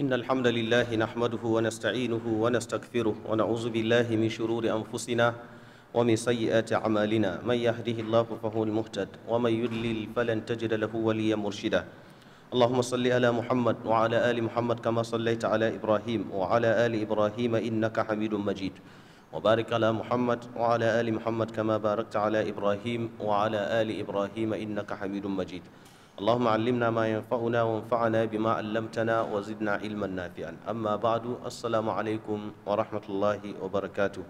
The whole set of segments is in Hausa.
إن الحمد لله نحمده ونستعينه ونستغفره ونعوذ بالله من شرور أنفسنا ومن سيئات أعمالنا من يهده الله فهو المهتد ومن يدلل فلن تجد له وليا مرشدا اللهم صل على محمد وعلى آل محمد كما صليت على إبراهيم وعلى آل إبراهيم إنك حميد مجيد وبارك على محمد وعلى آل محمد كما باركت على إبراهيم وعلى آل إبراهيم إنك حميد مجيد اللهم علمنا ما ينفعنا وانفعنا بما علمتنا وزدنا علما نافعا أما بعد السلام عليكم ورحمة الله وبركاته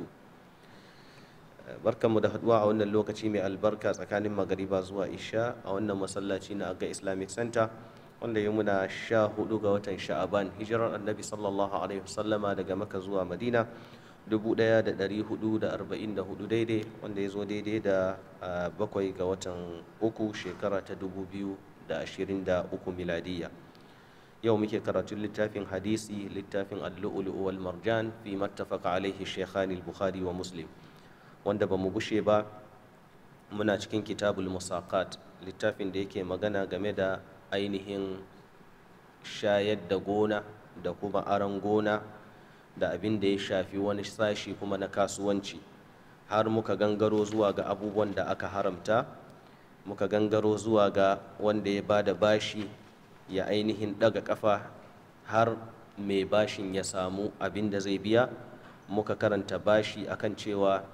barkanmu da haduwa a wannan lokaci mai albarka tsakanin magariba zuwa isha a wannan masallaci na aga islamic center wanda ya muna sha hudu ga watan sha'aban hijirar annabi sallallahu alaihi wasallama daga maka zuwa madina 1444 daidai wanda ya zo daidai da ah, bakwai ga watan uku shekara ta biyu. uku miladiyya yau muke karatun littafin hadisi littafin allu'ulu'u wal marjan fi mattafaqa alaihi shaykhan bukhari wa muslim wanda ba mu gushe ba muna cikin kitabul musaqat littafin da yake magana game da ainihin shayar da gona da kuma aran gona da abin da ya shafi wani sashi kuma na kasuwanci har muka gangaro zuwa ga abubuwan da aka haramta muka gangaro zuwa ga wanda ya bada bashi ya ainihin daga kafa har mai bashin ya samu abin da zai biya muka karanta bashi akan cewa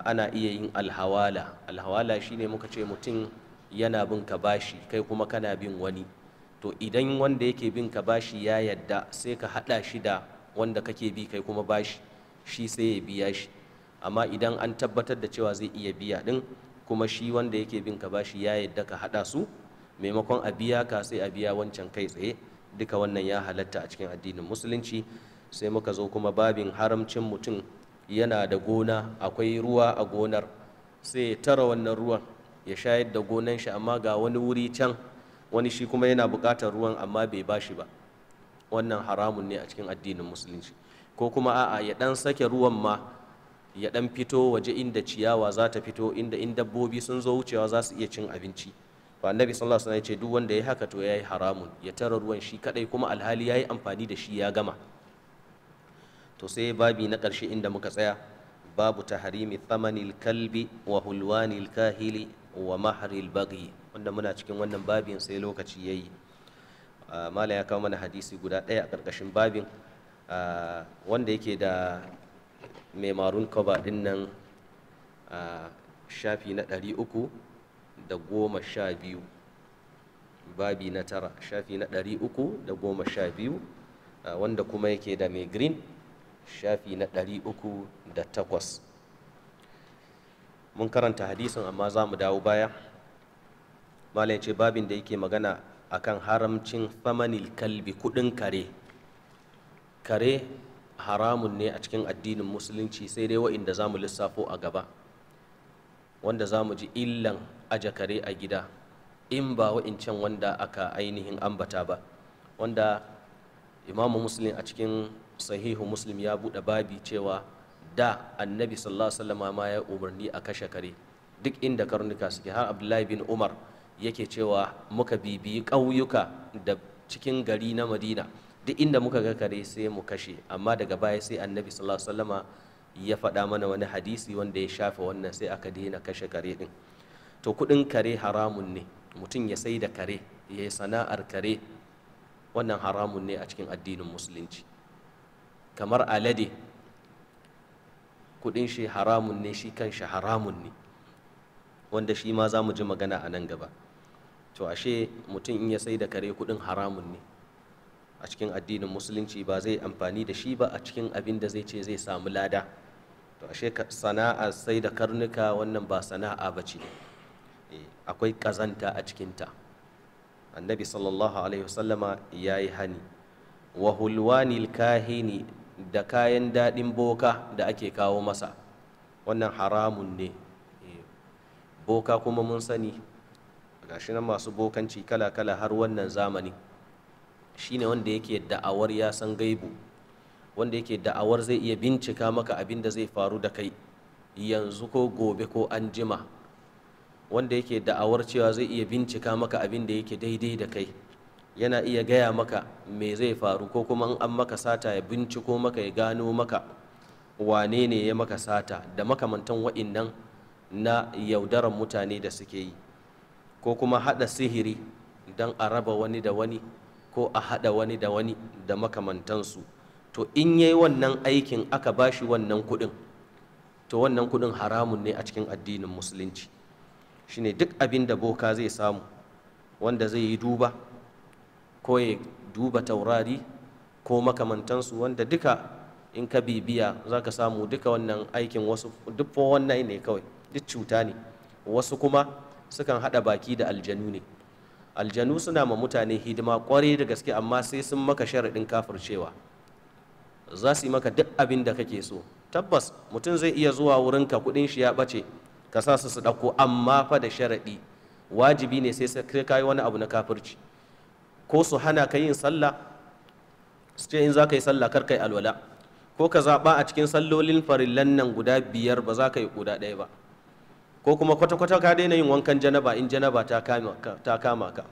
ana iya yin alhawala alhawala shine muka ce mutum yana bin ka bashi kai kuma kana bin wani to idan wanda yake bin ka bashi ya yadda sai ka haɗa shi da wanda kake bi kai kuma bashi shi sai ya biya shi amma idan an tabbatar da cewa zai iya biya din. kuma shi wanda yake bin ka bashi ya yadda ka haɗa su maimakon a biya ka sai a biya wancan kai tsaye duka wannan ya halatta a cikin addinin musulunci sai muka zo kuma babin haramcin mutum yana da gona akwai ruwa a gonar sai ya tara wannan ruwan ya shayar da gonan shi amma ga wani wuri can wani shi kuma yana buƙatar ruwan amma bai bashi ba wannan haramun ne a cikin addinin musulunci ko kuma a'a ya ɗan sake ruwan ma ya dan fito waje inda ciyawa za ta fito inda in dabbobi sun zo wucewa za su iya cin abinci Fa annabi sallallahu alaihi wasallam ya ce duk wanda ya haka to yayi haramun ya tara ruwan shi kadai kuma alhali yayi amfani da shi ya gama to sai babi na karshe inda muka tsaya babu taharimi thamanil kalbi wa hulwanil kahili wa mahril baghi wanda muna cikin wannan babin sai lokaci yayi ah, mala ya kawo mana hadisi guda ɗaya a ƙarƙashin babin ah, wanda yake da mai marun cover din nan a shafi na ɗari uku da goma sha biyu babi na tara shafi na ɗari uku da goma sha biyu wanda kuma yake da mai green shafi na ɗari uku da takwas mun karanta hadisin amma za mu dawo baya malam ce babin da yake magana akan haramcin famanil kalbi kudin kare kare haramun ne a cikin addinin musulunci sai dai wa'inda za mu lissafo a gaba wanda za mu ji illan aje kare a gida in ba wa'incan wanda aka ainihin ambata ba wanda imamu muslim a cikin sahihu muslim ya buɗe babi cewa da annabi sallallahu ma ya umarni a kashe kare duk inda karnuka suke har abdullahi bin umar yake cewa muka bibiyi ƙauyuka da cikin gari na madina duk inda muka ga kare sai mu kashe amma daga baya sai annabi sallallahu alaihi wasallama ya faɗa mana wani hadisi wanda ya shafa wannan sai aka daina kashe kare din to kudin kare haramun ne mutum ya sai da kare ya yi sana'ar kare wannan haramun ne a cikin addinin musulunci kamar alade kudin shi haramun ne shi kan shi haramun ne wanda shi ma za mu ji magana a nan gaba to ashe mutum in ya sai da kare kudin haramun ne a cikin addinin musulunci ba zai amfani da shi ba a cikin abin da zai ce zai samu lada to ashe sana'a sai da karnuka wannan ba sana'a ba ce eh, akwai kazanta a cikinta annabi sallallahu alaihi wasallama ya yi hani wa hulwanil kahini da kayan daɗin boka da ake kawo masa wannan haramun ne eh, boka kuma mun sani gashi nan masu bokanci kala-kala har wannan zamani shine wanda yake da'awar ya san gaibu wanda yake da'awar zai iya bincika maka abin da zai faru da kai yanzu ko gobe ko an jima wanda yake da'awar cewa zai iya bincika maka abin da yake daidai da kai yana iya gaya maka me zai faru ko kuma an maka sata ya binciko maka ya gano maka wane ne ya maka sata da makamantan wa'innan na yaudaran mutane da suke yi ko kuma haɗa sihiri don a raba wani da wani ko a haɗa wani da wani da makamantansu to in ya yi wannan aikin aka ba shi wannan kuɗin to wannan kuɗin haramun ne a cikin addinin musulunci shi ne duk abin da boka zai samu wanda zai yi duba ko ya duba taurari ko makamantansu wanda duka in ka bibiya za ka samu duka wannan aikin wasu duk wannan ne kawai duk cuta ne wasu kuma sukan haɗa baki da aljanu ne aljanu suna ma mutane hidima kwarai da gaske amma sai sun maka sharaɗin kafircewa za su yi maka duk abin da kake so tabbas mutum zai iya zuwa wurin ka kuɗin shi ya bace ka sa su su ɗauko amma fa da sharaɗi wajibi ne sai ka yi wani abu na kafirci ko su hana ka yin sallah su ce in za ka yi sallah kar ka yi alwala ko ka zaɓa a cikin sallolin farillan nan guda biyar ba za ka yi guda ɗaya ba ko kuma kwata-kwata ka daina yin wankan janaba in janaba ta kama ka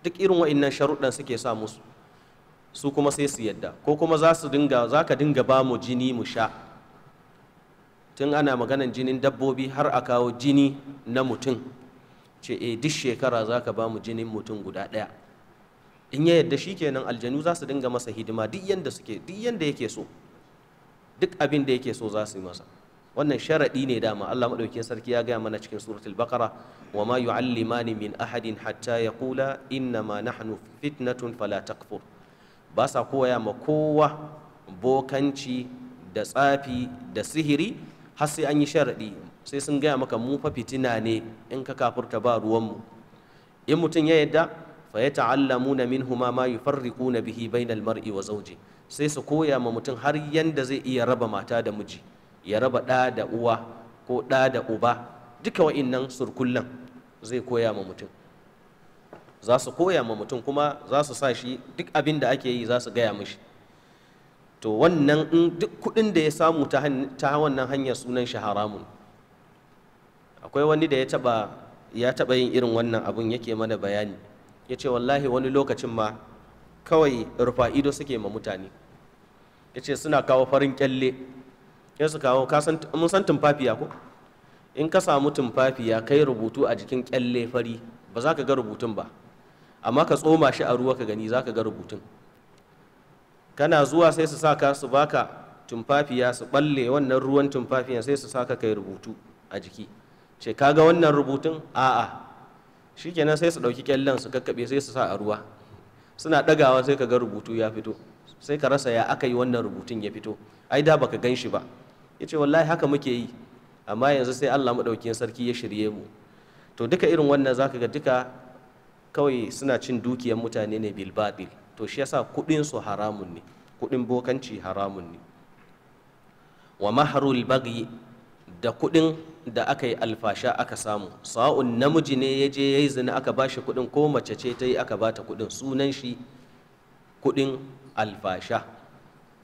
duk irin wa'innan sharuɗan suke sa musu su kuma sai su yadda ko kuma za su dinga za ka dinga ba mu jini mu sha tun ana maganan jinin dabbobi har a kawo jini na mutum ce e duk shekara za ka ba mu jinin mutum guda ɗaya in ya yadda shi kenan aljanu za su dinga masa hidima duk yanda suke duk yanda yake so duk abin da yake so za su yi masa wannan sharaɗi ne dama Allah madaukakin sarki ya gaya mana cikin suratul baqara wa ma yu'allimani min ahadin hatta yaqula inna ma nahnu fitnatun fala takfur ba sa koya ma kowa bokanci da tsafi da sihiri har sai an yi sharaɗi sai sun gaya maka mu fa fitina ne in ka kafurta ba ruwanmu in mutum ya yadda fa ya ta'allamuna minhuma ma yufarriquna bihi bainal mar'i wa zawji sai su koya ma mutum har yanda zai iya raba mata da miji ya raba ɗa da uwa ko ɗa da uba duka wa'innan surkullan zai koya ma mutum za su koya ma mutum kuma za su sa shi duk abin da ake yi za su gaya mishi to wannan duk kuɗin da ya samu ta wannan hanyar sunan shi haramun akwai wani da ya taba yin irin wannan abun yake mana bayani ya ce wallahi wani lokacin ma kawai rufa ido suke ma mutane ya ce suna kawo farin kyalle ya su kawo mun san tumfafiya ko in ka samu tumfafiya kai rubutu a jikin kyalle fari ba za ka ga rubutun ba amma ka tsoma shi a ruwa ka gani za ka ga rubutun kana zuwa sai su saka su baka tumfafiya su balle wannan ruwan tumfafiya sai su saka kai rubutu a jiki ce ka ga wannan rubutun a'a shikenan sai su ɗauki kyallen su kakkaɓe sai su sa a ruwa suna ɗagawa sai ka ga rubutu ya fito sai ka rasa ya aka yi wannan rubutun ya fito ai da baka gan shi ba ya ce wallahi haka muke yi amma yanzu sai allah maɗaukin sarki ya shirye mu to duka irin wannan zaka ga duka kawai suna cin dukiyar mutane ne bilbaɗil to shi yasa kuɗin su haramun ne kuɗin bokanci haramun ne wa maharul bagi da kuɗin da aka yi alfasha aka samu sa'un namiji ne ya je ya yi zina aka ba shi kuɗin ko mace ce ta yi aka ba ta kuɗin sunan shi kuɗin alfasha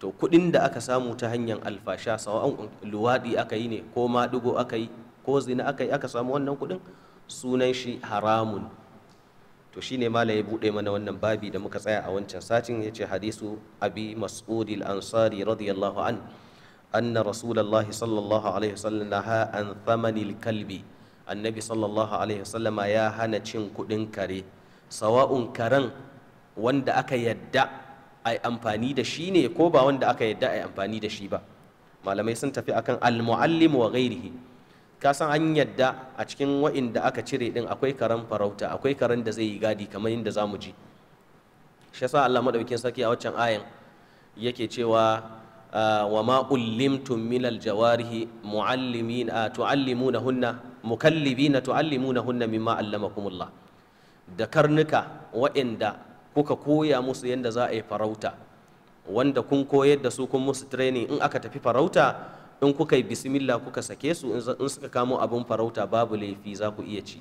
to kudin da aka samu ta hanyar alfasha sawa'an luwaɗi aka yi ne ko maɗigo aka yi ko zina aka yi aka samu wannan kudin sunan shi haramun to shine malam ya buɗe mana wannan babi da muka tsaya a wancan satin ya ce hadisu abi mas'ud al-ansari radiyallahu an anna rasulullah sallallahu alaihi wasallam naha an thamanil kalbi annabi sallallahu alaihi wasallam ya hana cin kudin kare sawa'un karen wanda aka yadda a yi amfani da shi ne ko ba wanda aka yarda a yi amfani da shi ba malamai sun tafi akan almuallim wa ghairihi ka san an yadda a cikin wa'inda aka cire din akwai karan farauta akwai karan da zai yi gadi kamar yadda za mu ji shi yasa Allah madaukin sarki a waccan ayan yake cewa ah, wa ma ullimtum min aljawarihi muallimin tuallimunahunna mukallibina tuallimunahunna mimma allamakumullah da karnuka wa'inda kuka koya musu yadda za a yi farauta wanda kun koyar da su kun musu training in aka tafi farauta in kuka yi bismillah kuka sake su in suka kamo abin farauta babu laifi za ku iya ci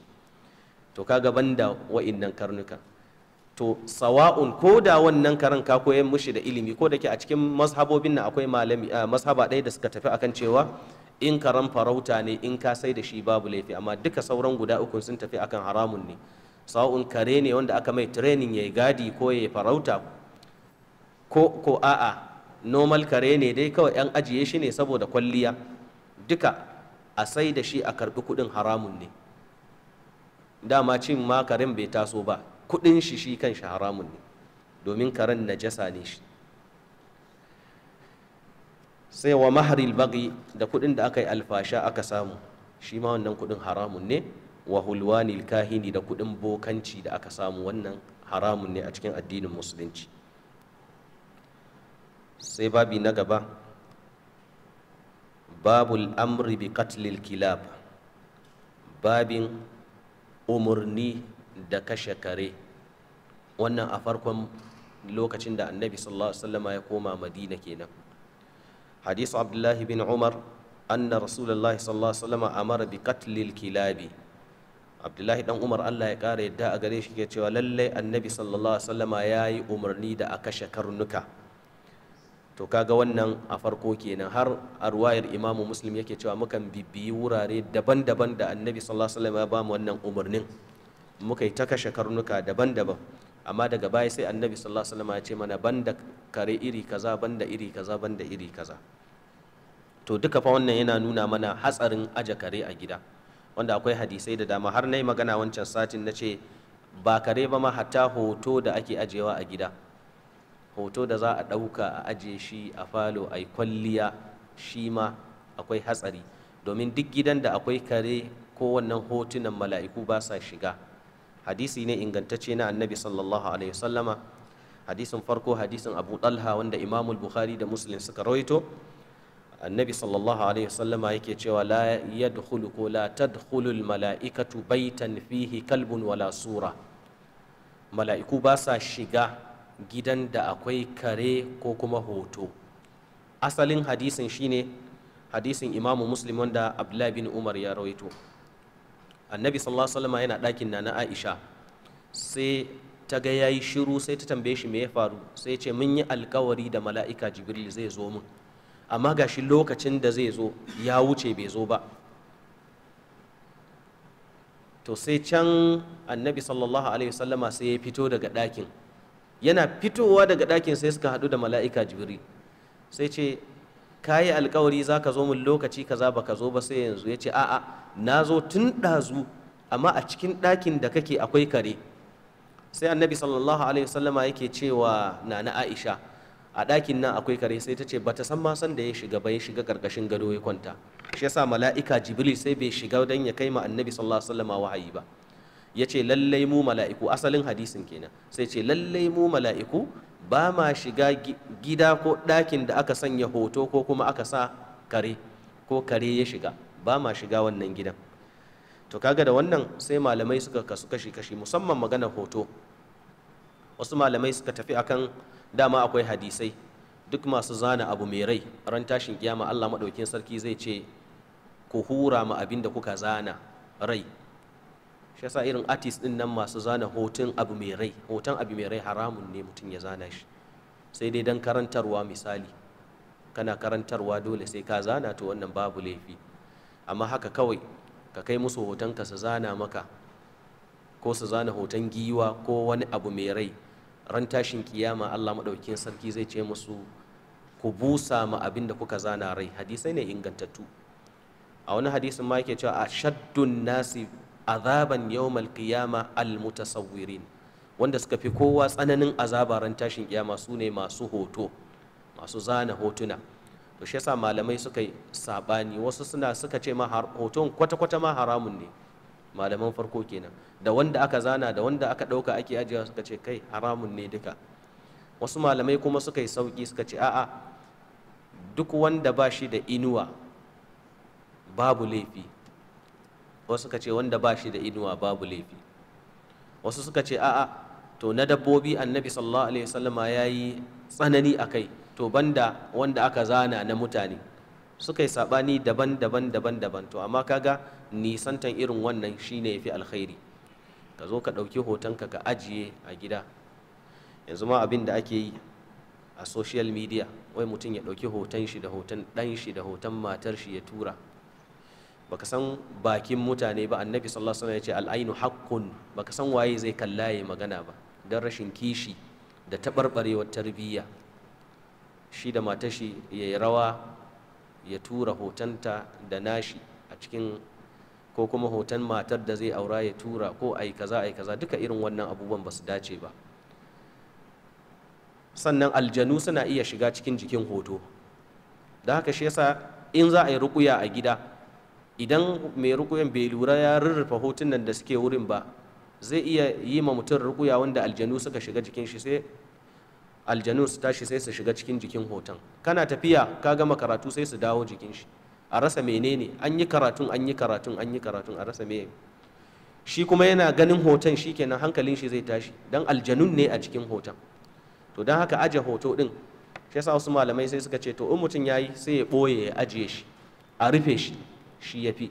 to ka gaban da wa'innan karnuka to sawa'un ko da wannan karan ka koyar mushi da ilimi ko da ke a cikin mazhabobin nan akwai malami eh, mazhaba ɗaya da suka tafi akan cewa in karan farauta ne in ka sai da shi babu laifi amma duka sauran guda uku sun tafi akan haramun ne sa'un kare ne wanda aka mai training ya yi gadi ko ya yi farauta ko ko a'a normal kare ne dai kawai yan ajiye shi ne saboda kwalliya duka a sai da shi a karbi kudin haramun ne dama cin ma karen bai taso ba kudin shi shi kan shi haramun ne domin karen najasa ne shi sai wa maharil bagi da kudin da aka yi alfasha aka samu shi ma wannan kudin haramun ne wa hulwanil kahini da kudin bokanci da aka samu wannan haramun ne a cikin addinin musulunci sai babi na gaba babul amri bi katlil kilab babin umarni da kashe kare wannan a farkon lokacin da annabi sallallahu alaihi wasallama ya koma madina kenan hadisu abdullahi bin umar anna rasulullahi sallallahu alaihi wasallama amara bi katlil kilabi abdullahi dan umar allah ya kara yadda a gare shi ke cewa lallai annabi sallallahu alaihi wasallama ya yi umarni da a kashe karnuka to kaga wannan a farko kenan har a ruwayar imamu muslim yake cewa mukan bibiyi wurare daban-daban da annabi sallallahu alaihi wasallama ya bamu wannan umarnin muka yi ta kashe karnuka daban-daban amma daga baya sai annabi sallallahu alaihi wasallama ya ce mana banda kare iri kaza banda iri kaza banda iri kaza to duka fa wannan yana nuna mana hatsarin aje kare a gida wanda akwai hadisai da dama har na magana wancan satin na ce ba kare ba ma hatta hoto da ake ajiyewa a gida hoto da za a ɗauka a ajiye shi a falo a kwalliya shi ma akwai hatsari domin duk gidan da akwai kare ko wannan hotunan mala'iku ba sa shiga hadisi ne ingantacce na annabi sallallahu alaihi wasallama hadisin farko hadisin abu ɗalha wanda imamul bukhari da muslim suka rawaito annabi sallallahu alaihi wasallama yake cewa la yadkhulu ko la tadkhulul mala'ikatu baitan fihi kalbun wala sura mala'iku ba sa shiga gidan da akwai kare ko kuma hoto asalin hadisin shine hadisin imamu muslim wanda abdullahi bin umar ya rawaito annabi sallallahu alaihi wasallama yana ɗakin na na aisha sai ta ga yayi shiru sai ta tambaye shi me ya faru sai ce mun yi alkawari da mala'ika jibril zai zo mun amma gashi lokacin da zai zo ya wuce bai zo ba to sai can annabi sallallahu alaihi wasallama sai ya fito daga ɗakin yana fitowa daga ɗakin sai suka haɗu da mala'ika jibril sai ce ka yi alkawari za ka zo mun lokaci kaza ba ka zo ba sai yanzu ya ce a'a na zo tun ɗazu amma a cikin ɗakin da kake akwai kare sai annabi sallallahu alaihi wasallama yake cewa na na aisha a ɗakin nan akwai kare sai ta ce ba ta san ma san da ya shiga ba ya shiga karkashin gado ya kwanta shi yasa mala'ika jibril sai bai shiga dan ya kai ma annabi sallallahu alaihi wasallam wahayi ba ya ce lallai mu mala'iku asalin hadisin kenan sai ce lallai mu mala'iku ba ma shiga gida ko ɗakin da aka sanya hoto ko kuma aka sa kare ko kare ya shiga ba ma shiga wannan gidan to kaga da wannan sai malamai suka kasu kashi kashi musamman maganar hoto wasu malamai suka tafi akan dama akwai hadisai duk masu zana abu mai rai ran tashin kiyama Allah maɗaukin sarki zai ce ku hura ma abin kuka zana rai shi yasa irin artist din nan masu zana hoton abu mai rai hoton abu mai rai haramun ne mutum ya zana shi sai dai dan karantarwa misali kana karantarwa dole sai ka zana to wannan babu laifi amma haka kawai ka kai musu hoton ka su zana maka ko su zana hoton giwa ko wani abu mai rai ran tashin kiyama Allah maɗaukin sarki zai ce musu ku busa ma abin da kuka zana rai hadisai ne ingantattu a wani hadisin ma yake cewa ashaddun nasi azaban yawmal qiyama almutasawwirin wanda suka fi kowa tsananin azaba ran tashin kiyama su ne masu hoto masu zana hotuna to shi yasa malamai suka yi sabani wasu suna suka ce ma hoton kwata-kwata ma haramun ne malaman farko kenan da wanda aka zana da wanda aka ɗauka ake ajiyar suka ce kai haramun ne duka wasu malamai kuma suka yi sauƙi suka ce a'a duk wanda ba shi da inuwa babu laifi wasu suka ce wanda ba shi da inuwa babu laifi wasu suka ce a'a to na dabbobi annabi sallallahu alaihi wasallam ya yi tsanani a kai to banda wanda aka zana na mutane suka yi saɓani daban daban daban daban to amma kaga nisantan irin wannan shine yafi alkhairi ka zo ka ɗauki hotonka ka ajiye a gida yanzu ma abin da ake yi a social media wai mutum ya ɗauki hoton shi da hoton ɗan shi da hoton matar shi ya tura baka san bakin mutane ba annabi sallallahu alaihi wasallam ya ce al'ainu haqqun baka san waye zai kalla ya magana ba don rashin kishi da taɓarɓarewar tarbiyya shi da matashi ya yi rawa ya tura hotonta da nashi a cikin ko kuma hoton matar da zai aura ya tura ko yi kaza yi kaza duka irin wannan abubuwan ba su dace ba sannan aljanu suna iya shiga cikin jikin hoto da haka shi yasa in za a yi rukuya a gida idan mai rukuyan bai lura ya rurrufa hotunan da suke wurin ba zai iya yi ma mutum rukuya wanda aljanu suka shiga jikin shi sai aljanu su tashi sai su shiga cikin jikin hoton kana tafiya ka gama karatu sai su dawo jikin shi a rasa menene an yi karatun an yi karatun an yi karatun a rasa meye shi kuma yana ganin hoton shi kenan hankalin shi zai tashi dan aljanun ne a cikin hoton to don haka aje hoto din shi yasa wasu malamai sai suka ce to in mutum yayi sai ya boye ya ajiye shi a rufe shi shi yafi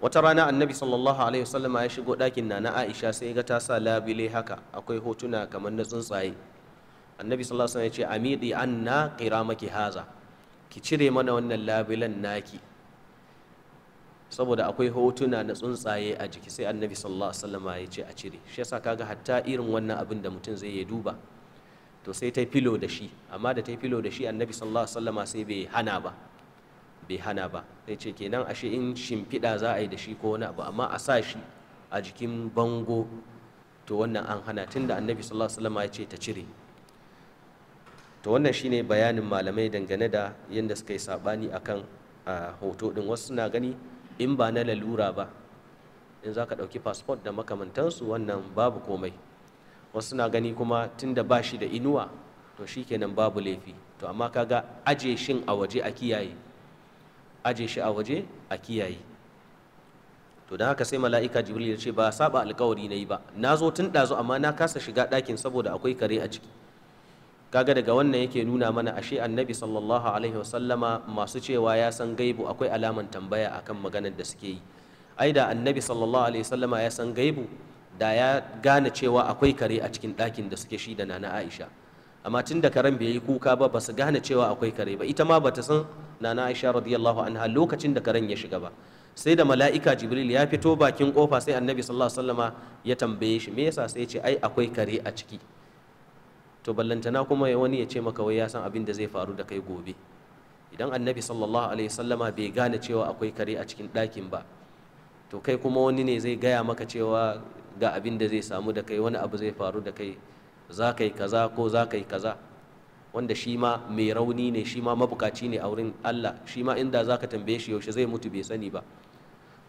wata rana annabi sallallahu alaihi wasallam ya shigo dakin na na aisha sai ga ta sa labile haka akwai hotuna kamar na tsuntsaye annabi sallallahu alaihi wasallam ya ce amidi anna qiramaki haza ki cire mana wannan labulan naki saboda akwai hotuna na tsuntsaye a jiki sai annabi sallallahu alaihi wasallam ya ce a cire shi yasa kaga hatta irin wannan abin da mutum zai ya duba to sai ta filo da shi amma da ta filo da shi annabi sallallahu alaihi wasallam sai bai hana ba bai hana ba sai ce kenan ashe in shimfiɗa za a yi da shi ko wani abu amma a sa shi a jikin bango to wannan an hana tunda annabi sallallahu alaihi wasallam ya ce ta cire to wannan shine bayanin malamai dangane da yadda suka yi sabani akan hoto din wasu na gani in ba na lalura ba in za ka ɗauki fasfot da makamantansu wannan babu komai wasu suna gani kuma tun da ba shi da inuwa to shi kenan babu laifi to amma ka ga aje shin a waje a kiyaye aje shi a waje a kiyaye to don haka sai mala'ika jibril ya ce ba saba alkawari na yi ba na zo tun ɗazu amma na kasa shiga ɗakin saboda akwai kare a ciki kaga daga wannan yake nuna mana ashe annabi sallallahu alaihi wasallama masu cewa ya san gaibu akwai alaman tambaya akan maganar da suke yi ai da annabi sallallahu alaihi wasallama ya san gaibu da ya gane cewa akwai kare a cikin ɗakin da suke shi da nana aisha amma tun da karen bai yi kuka ba ba su gane cewa akwai kare ba ita ma ba ta san nana aisha radiyallahu anha lokacin da karen ya shiga ba sai da mala'ika jibril ya fito bakin kofa sai annabi sallallahu alaihi wasallama ya tambaye shi me yasa sai ya ce ai akwai kare a ciki to ballantana kuma wani ya ce maka wai ya san abin da zai faru da kai gobe idan annabi sallallahu alaihi sallama bai gane cewa akwai kare a cikin ɗakin ba to kai kuma wani ne zai gaya maka cewa ga abin da zai samu da kai wani abu zai faru da kai za ka yi kaza ko za ka yi kaza wanda shi ma mai rauni ne shi ma mabukaci ne a wurin Allah shi ma inda za ka tambaye shi yaushe zai mutu bai sani ba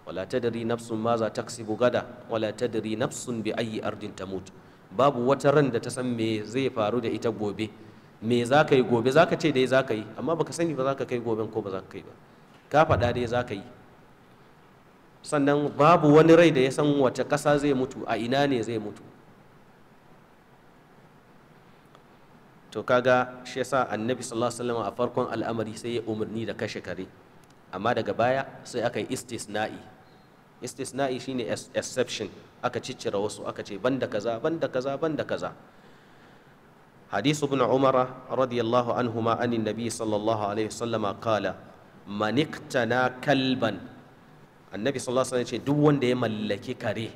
wala tadri nafsun ma za taksibu gada wala tadri nafsun bi ayi ardin tamut babu wata ran da ta san me zai faru da ita gobe me za ka yi gobe za ka ce dai za ka yi amma baka sani ba za ka kai goben ko ba za ka kai ba ka faɗa dai za ka yi sannan babu wani rai da ya san wace ƙasa zai mutu a ina ne zai mutu to kaga shi yasa annabi sallallahu alaihi wasallam a farkon al'amari sai ya umarni da kashe kare amma daga baya sai aka yi istisna'i istisna'i shine exception aka ciccira wasu aka ce banda kaza banda kaza banda kaza حديث ابن عمر رضي الله عنهما عن النبي صلى الله عليه وسلم قال من اقتنى كلبا النبي صلى الله عليه وسلم duk wanda ya mallaki kare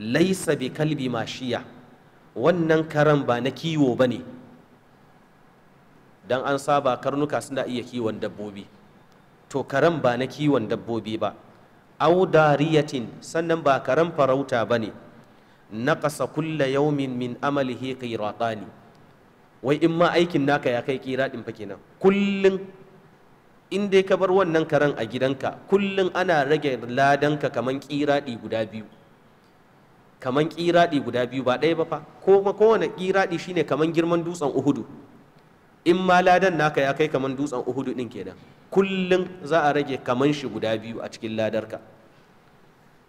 laisa bi kalbi mashiya wannan karen ba na kiwo ba ne don an saba karnuka suna iya kiwon dabbobi to karen ba na kiwon dabbobi ba audariyatin sannan ba karan farauta ba ne naƙasa kulla yaumin min amalihi ne. wai in ma aikin naka ya kai kiraɗin fa nan? kullum in dai ka bar wannan karen a gidanka kullum ana rage ladanka kaman kiraɗi guda biyu kaman kiraɗi guda biyu ba ɗaya ba fa ko kowane kiraɗi shine kaman girman dutsen uhudu in ma ladan naka ya kai kaman dutsen uhudu din kenan kullum za a rage kaman shi guda biyu a cikin ladarka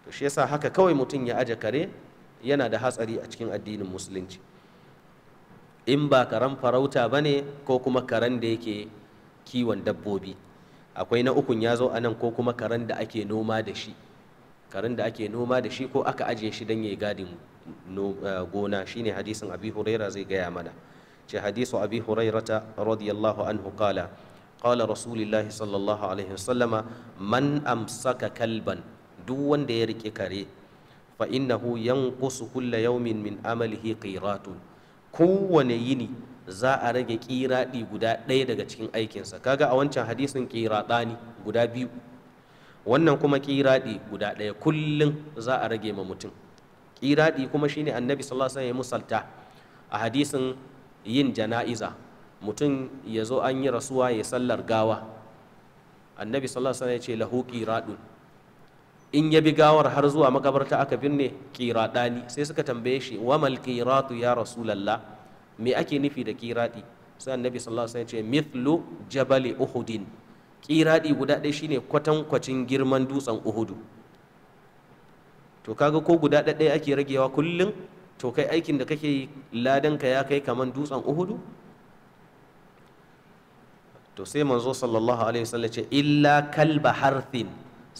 to shi yasa haka kawai mutum ya aje kare yana da hatsari a cikin addinin musulunci in ba karen farauta ba ne ko kuma karan da yake kiwon dabbobi akwai na ukun ya zo a nan ko kuma karen da ake noma da shi karan da ake noma da shi ko aka ajiye shi don ya yi gadin eh, gona shine hadisin abi huraira zai gaya mana ce hadisu abi hurairata radiyallahu anhu qala qala rasulillahi sallallahu alaihi wasallama man amsaka kalban duk wanda ya rike kare fa innahu yanqusu kulla yawmin min amalihi qiratun kowane yini za a rage kiraɗi guda ɗaya daga cikin aikinsa kaga a wancan hadisin kiraɗani guda biyu wannan kuma kiraɗi guda ɗaya kullum za a rage ma mutum kiraɗi kuma shine annabi sallallahu alaihi ya musalta a hadisin yin jana'iza mutum ya zo an yi rasuwa ya sallar gawa annabi sallallahu alaihi ya ce lahu qiradun in ya bi gawar har zuwa makabarta aka binne qiradani sai suka tambaye shi wa mal qiratu ya rasulullah me ake nufi da qiradi sai annabi sallallahu alaihi ya ce mithlu jabali uhudin qiradi guda ɗaya shine kwatankwacin girman dutsen uhudu to kaga ko guda ɗaya ake ragewa kullum to kai aikin da kake yi ladanka ya kai kaman dutsen uhudu to sai manzo sallallahu alaihi wasallam ce illa kalba harthin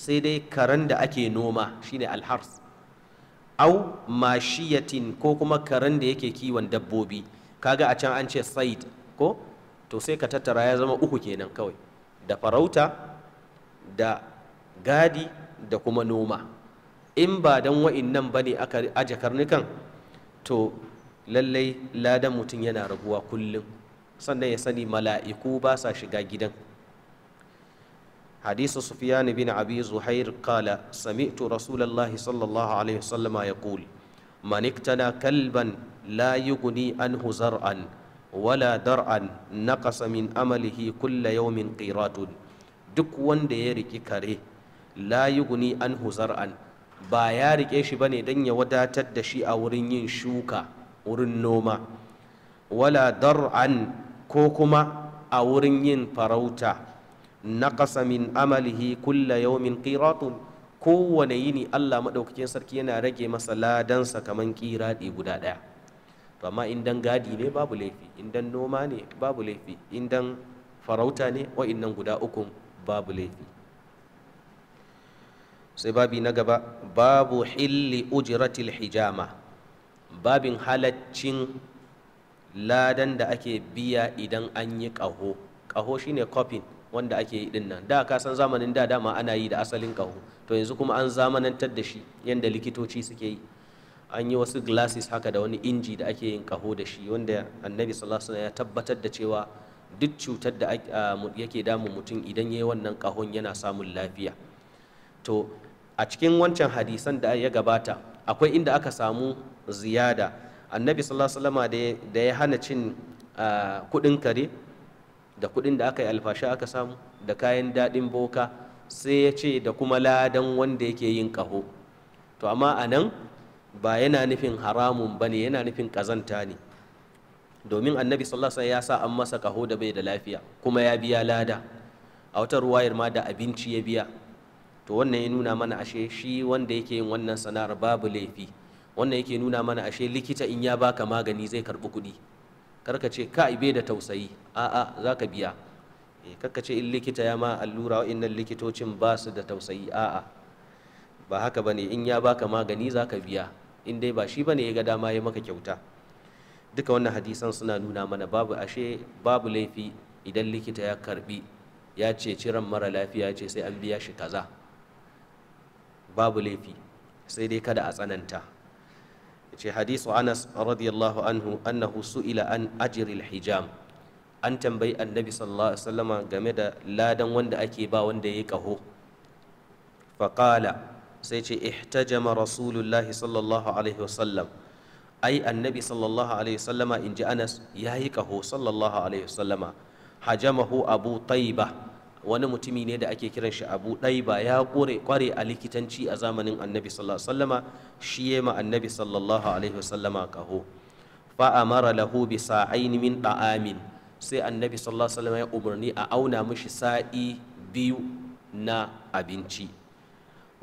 sai dai karen da ake noma shine alhars au mashiyatin ko kuma karen da yake kiwon dabbobi kaga a can an ce said ko to sai ka tattara ya zama uku kenan kawai da farauta da gadi da kuma noma in ba don wa'in dan wa'innan ne aka aje karnukan to lallai ladan mutum yana rabuwa kullum sannan ya sani mala'iku ba sa shiga gidan hadisu sufiyan bin abi kala qala sami'tu rasulullah sallallahu alaihi wasallam yaqul man iktana kalban la yughni anhu zar'an wala dar'an naqasa min amalihi kulla yawmin qiratun duk wanda ya riki kare layuguni yughni anhu zar'an ba ya riƙe shi ba ne don ya wadatar da shi a wurin yin shuka wurin noma wala dar'an ko kuma a wurin yin farauta naqasa min amalihi kulla yawmin qiratun kowane yini Allah maɗaukakin sarki yana rage masa ladansa kaman ƙiraɗi guda ɗaya to amma in gadi ne babu laifi in noma ne babu laifi in farauta ne wa'innan guda ukun babu laifi sai babi na gaba babu hilli ujiratil hijama babin halaccin ladan da ake biya idan an yi ƙaho ƙaho shine kofin wanda ake yi dinnan da ka san zamanin da dama ana yi da asalin kaho to yanzu kuma an zamanantar da shi yadda likitoci suke yi an yi wasu glasses haka da wani inji da ake yin kaho da shi wanda annabi sallallahu alaihi ya tabbatar da cewa duk cutar da yake damun mutum idan ya yi wannan ƙahon yana samun lafiya to a cikin wancan hadisan da ya gabata akwai inda aka samu ziyada annabi sallallahu alaihi wasallam da ya hana cin ah, kudin kare da kudin da aka yi alfashi aka samu da kayan daɗin boka sai ya ce da kuma ladan wanda yake yin kaho. to amma a nan ba yana nufin haramun ba ne yana nufin ƙazanta ne domin annabi sallallahu alaihi ya sa an masa kaho da bai da lafiya kuma ya biya lada a wata ruwayar ma da abinci ya biya to wannan ya nuna mana ashe shi wanda yake yin wannan sana'ar babu laifi wannan yake nuna mana ashe likita in ya baka magani zai karbi kuɗi karka ce ka ibe da tausayi a'a za ka biya eh, karka ce in likita ya ma allura wa'innan likitocin ba su da tausayi a'a ba haka bane in ya baka magani za ka biya in dai ba shi bane ya ga dama ya maka kyauta duka wannan hadisan suna nuna mana babu ashe babu laifi idan likita ya karbi ya ce ciran mara lafiya ce sai an biya shi kaza babu laifi sai dai kada a tsananta ce hadisu anas radiyallahu anhu annahu su'ila an ajiril hijam an tambayi annabi sallallahu alaihi wasallama game da ladan wanda ake ba wanda ya kaho faqala sai ce ihtajama rasulullahi sallallahu alaihi wasallam ai annabi sallallahu alaihi wasallama inji anas yayi kaho sallallahu alaihi wasallama hajamahu abu taiba wani mutumi ne da ake kiran shi abu ɗai ba ya kware a likitanci a zamanin annabi sallallahu alaihi wasallama shi ya ma annabi sallallahu alaihi wasallama kaho fa amara lahu bi sa'ain min da'amin sai annabi sallallahu alaihi wasallama ya umarni a auna mishi sa'i biyu na abinci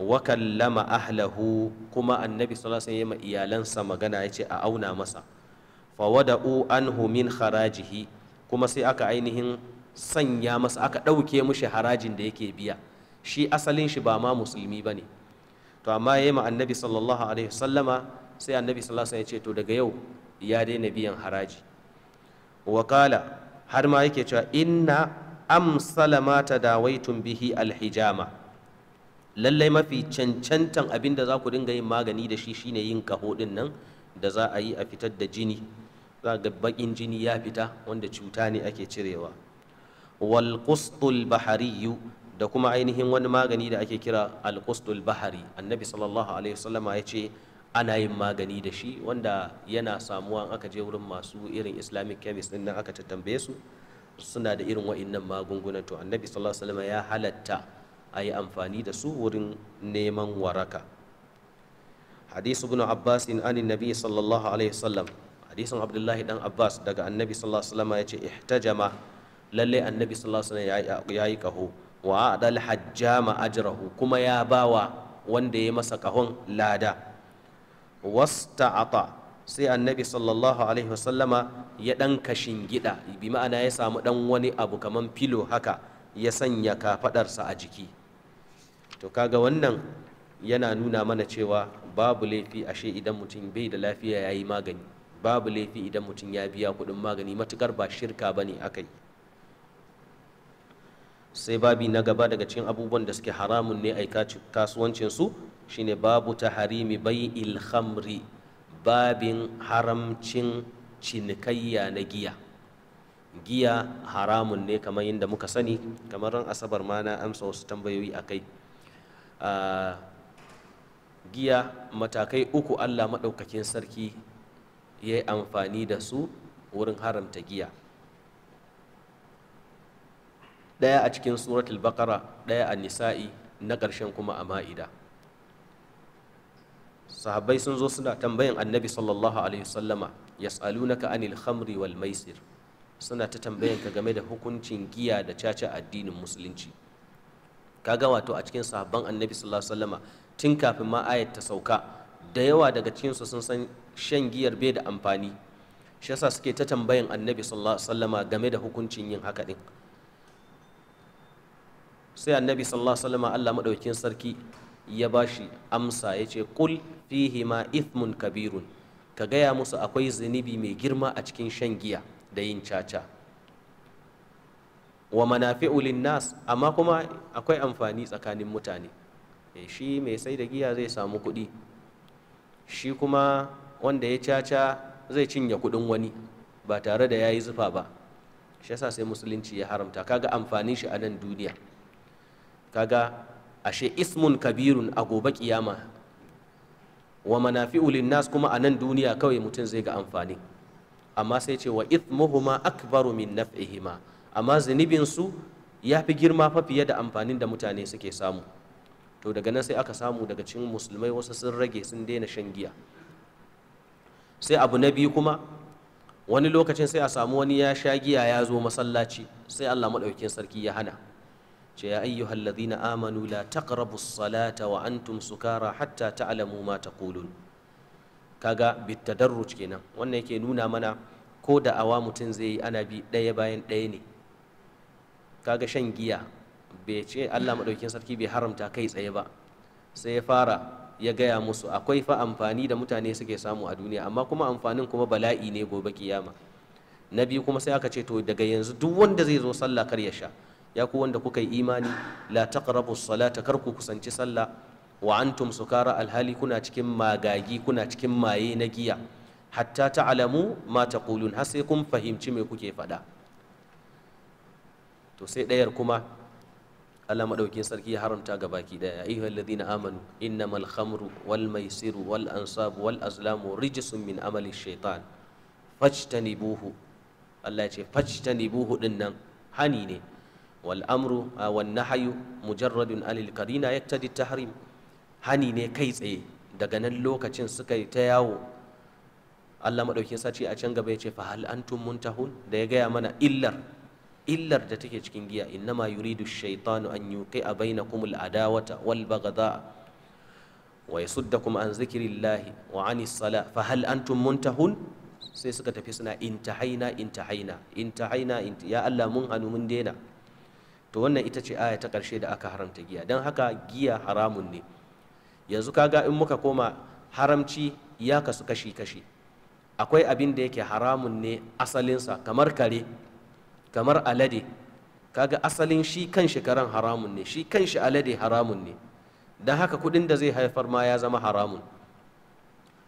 wa kallama ahlahu kuma annabi sallallahu alaihi wasallama ya ma iyalansa magana ya ce a auna masa fa wada'u anhu min kharajihi kuma sai aka ainihin sanya masa aka ɗauke mushi harajin da yake biya shi asalin shi ba ma musulmi ba ne to amma ya yi ma annabi sallallahu alaihi wasallama sai annabi sallallahu alaihi ya ce to daga yau ya daina biyan haraji wakala har ma yake cewa inna amsala ma dawaitun bihi alhijama lallai mafi cancantan abin da za ku dinga yin magani da shi shine yin kaho din nan da za a yi a fitar da jini za ga baƙin jini ya fita wanda cuta ne ake cirewa wal qustul bahari da kuma ainihin wani magani da ake kira al bahari annabi sallallahu alaihi wasallama ya ce ana yin magani da shi wanda yana samuwa aka je wurin masu irin islamic chemist din nan aka tattambaye su suna da irin wa'innan magunguna to annabi sallallahu alaihi wasallama ya halatta a yi amfani da su wurin neman waraka hadisu ibn abbas in النبي nabi sallallahu alaihi wasallam hadisin abdullahi dan abbas daga annabi sallallahu alaihi wasallama ya ce ihtajama lalle annabi sallallahu alaihi wasallam ya yi kaho wa adal hajjama ajrahu kuma ya bawa wanda ya masa kahon lada wasta'ata sai annabi sallallahu alaihi wasallama ya dan kashin gida bi ma'ana ya samu dan wani abu kaman filo haka ya sanya kafadarsa a jiki to kaga wannan yana nuna mana cewa babu laifi ashe idan mutum bai da lafiya ya yi magani babu laifi idan mutum ya biya kuɗin magani matukar ba shirka bane akai sai babi na gaba daga cikin abubuwan da suke haramun ne a kasuwancin su shine babu ta harimi bai ilhamri babin haramcin cinikayya na giya giya haramun ne kamar yadda muka sani kamar ran asabar ma na amsa wasu tambayoyi a kai ah, giya matakai uku allah maɗaukakin sarki ya yi amfani da su wurin haramta giya ɗaya a cikin suratul baqara ɗaya a nisa'i na ƙarshen kuma a ma'ida sahabbai sun zo suna tambayin annabi sallallahu alaihi wasallama yas'alunaka anil khamri wal maisir suna ta tambayan ka game da hukuncin giya da caca addinin musulunci kaga wato a cikin sahabban annabi sallallahu alaihi wasallama tun kafin ma ayat ta sauka da yawa daga cikin su sun san shan giyar bai da amfani shi yasa suke ta tambayan annabi sallallahu alaihi wasallama game da hukuncin yin haka din sai annabi sallallahu alaihi wasallam Allah madaukin sarki ya bashi amsa ya ce qul fihi ma ithmun kabirun ka gaya musu akwai zunubi mai girma a cikin shan giya da yin caca wa manafi'u nas amma kuma akwai amfani tsakanin mutane eh, shi mai sai da giya zai samu kuɗi shi kuma wanda ya caca zai cinye kuɗin wani ba tare da ya yi zufa ba shi yasa sai musulunci ya haramta kaga amfanin shi a nan duniya kaga ashe ismun kabirun a gobe kiyama wa manafi'u linnas kuma a nan duniya kawai mutum zai ga amfani amma sai ce wa ithmuhuma akbaru min naf'ihima amma zunubin su ya fi girma fa fiye da amfanin da mutane suke samu to daga nan sai aka samu daga cikin musulmai wasu sun rage sun daina shan giya sai abu na biyu kuma wani lokacin sai a samu wani ya sha giya ya zo masallaci sai Allah maɗaukin sarki ya hana ce ya ayyuhal ladina amanu la taqrabu salata wa antum sukara hatta ta ta'lamu ma taqulun kaga bitadarruj kenan wannan yake nuna mana ko da awa mutum zai yi ana bi ɗaya bayan ɗaya ne kaga shan giya bai ce Allah madaukin sarki bai haramta kai tsaye ba sai ya fara ya gaya musu akwai fa amfani da mutane suke samu a duniya amma kuma amfanin kuma bala'i ne gobe kiyama na biyu kuma sai aka ce to daga yanzu duk wanda zai zo sallah kar ya sha ya ku wanda kuka yi imani la taqrabu salata kar ku kusanci sallah wa antum sukara alhali kuna cikin magagi kuna cikin maye na giya hatta ta'lamu ma taqulun har sai kun fahimci me kuke faɗa to sai ɗayar kuma Allah madaukin sarki ya haramta ga baki daya ayyuha alladhina amanu innamal khamru wal maisiru wal ansabu wal azlamu rijsun min amali shaitan fajtanibuhu Allah ya ce fajtanibuhu din nan hani ne والأمر والنهي مجرد عن القرينة يقتضي التحريم hani ne kai tsaye daga nan lokacin suka yi ta yawo Allah maɗaukin sace a can gaba ya ce fa hal antum muntahun da ya gaya mana illar illar da take cikin giya innama yuridu shaytanu an yuqi'a bainakum al-adawata wal baghdha wa yasuddakum an zikrillahi wa anis sala fa hal antum muntahun sai suka tafi suna intahaina intahaina intahaina ya Allah mun hanu mun daina to wannan ita ce aya ta ƙarshe da aka haramta giya don haka giya haramun ne yanzu kaga in muka koma haramci ya kasu kashi-kashi akwai abin da yake haramun ne asalinsa kamar kare kamar alade kaga asalin shi kan karen haramun ne shi kan shi alade haramun ne don haka kudin da zai haifar ma ya zama haramun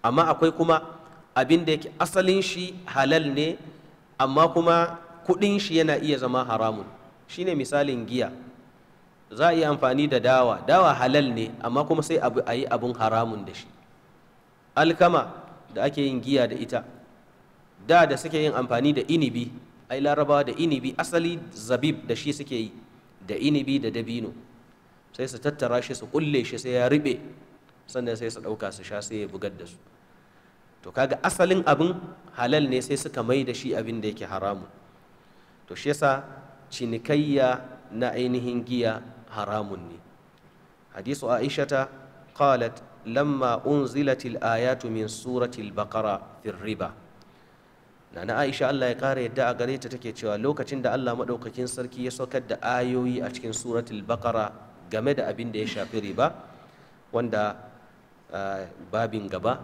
amma akwai kuma abin da yake asalin shi halal ne amma kuma kudin shi yana iya zama haramun shine misalin giya za a yi amfani da dawa dawa halal ne amma kuma sai a yi abun haramun da shi alkama da ake yin giya da ita da da suke yin amfani da inibi ai larabawa da inibi asali zabib da shi suke yi da inibi da dabino sai su tattara shi su kulle shi sai ya ribe sannan sai su ɗauka su sha sai ya bugar da su to kaga asalin abin halal ne sai suka mai da shi abin da yake haramu to shi yasa cinikayya na ainihin giya haramun ne hadisu aishata qalat lamma unzilatil ayatu min suratil baqara fin riba nana aisha Allah ya kara yadda a gare ta take cewa lokacin da Allah madaukakin sarki ya saukar da ayoyi a cikin suratul baqara game da abin da ya shafi riba wanda babin gaba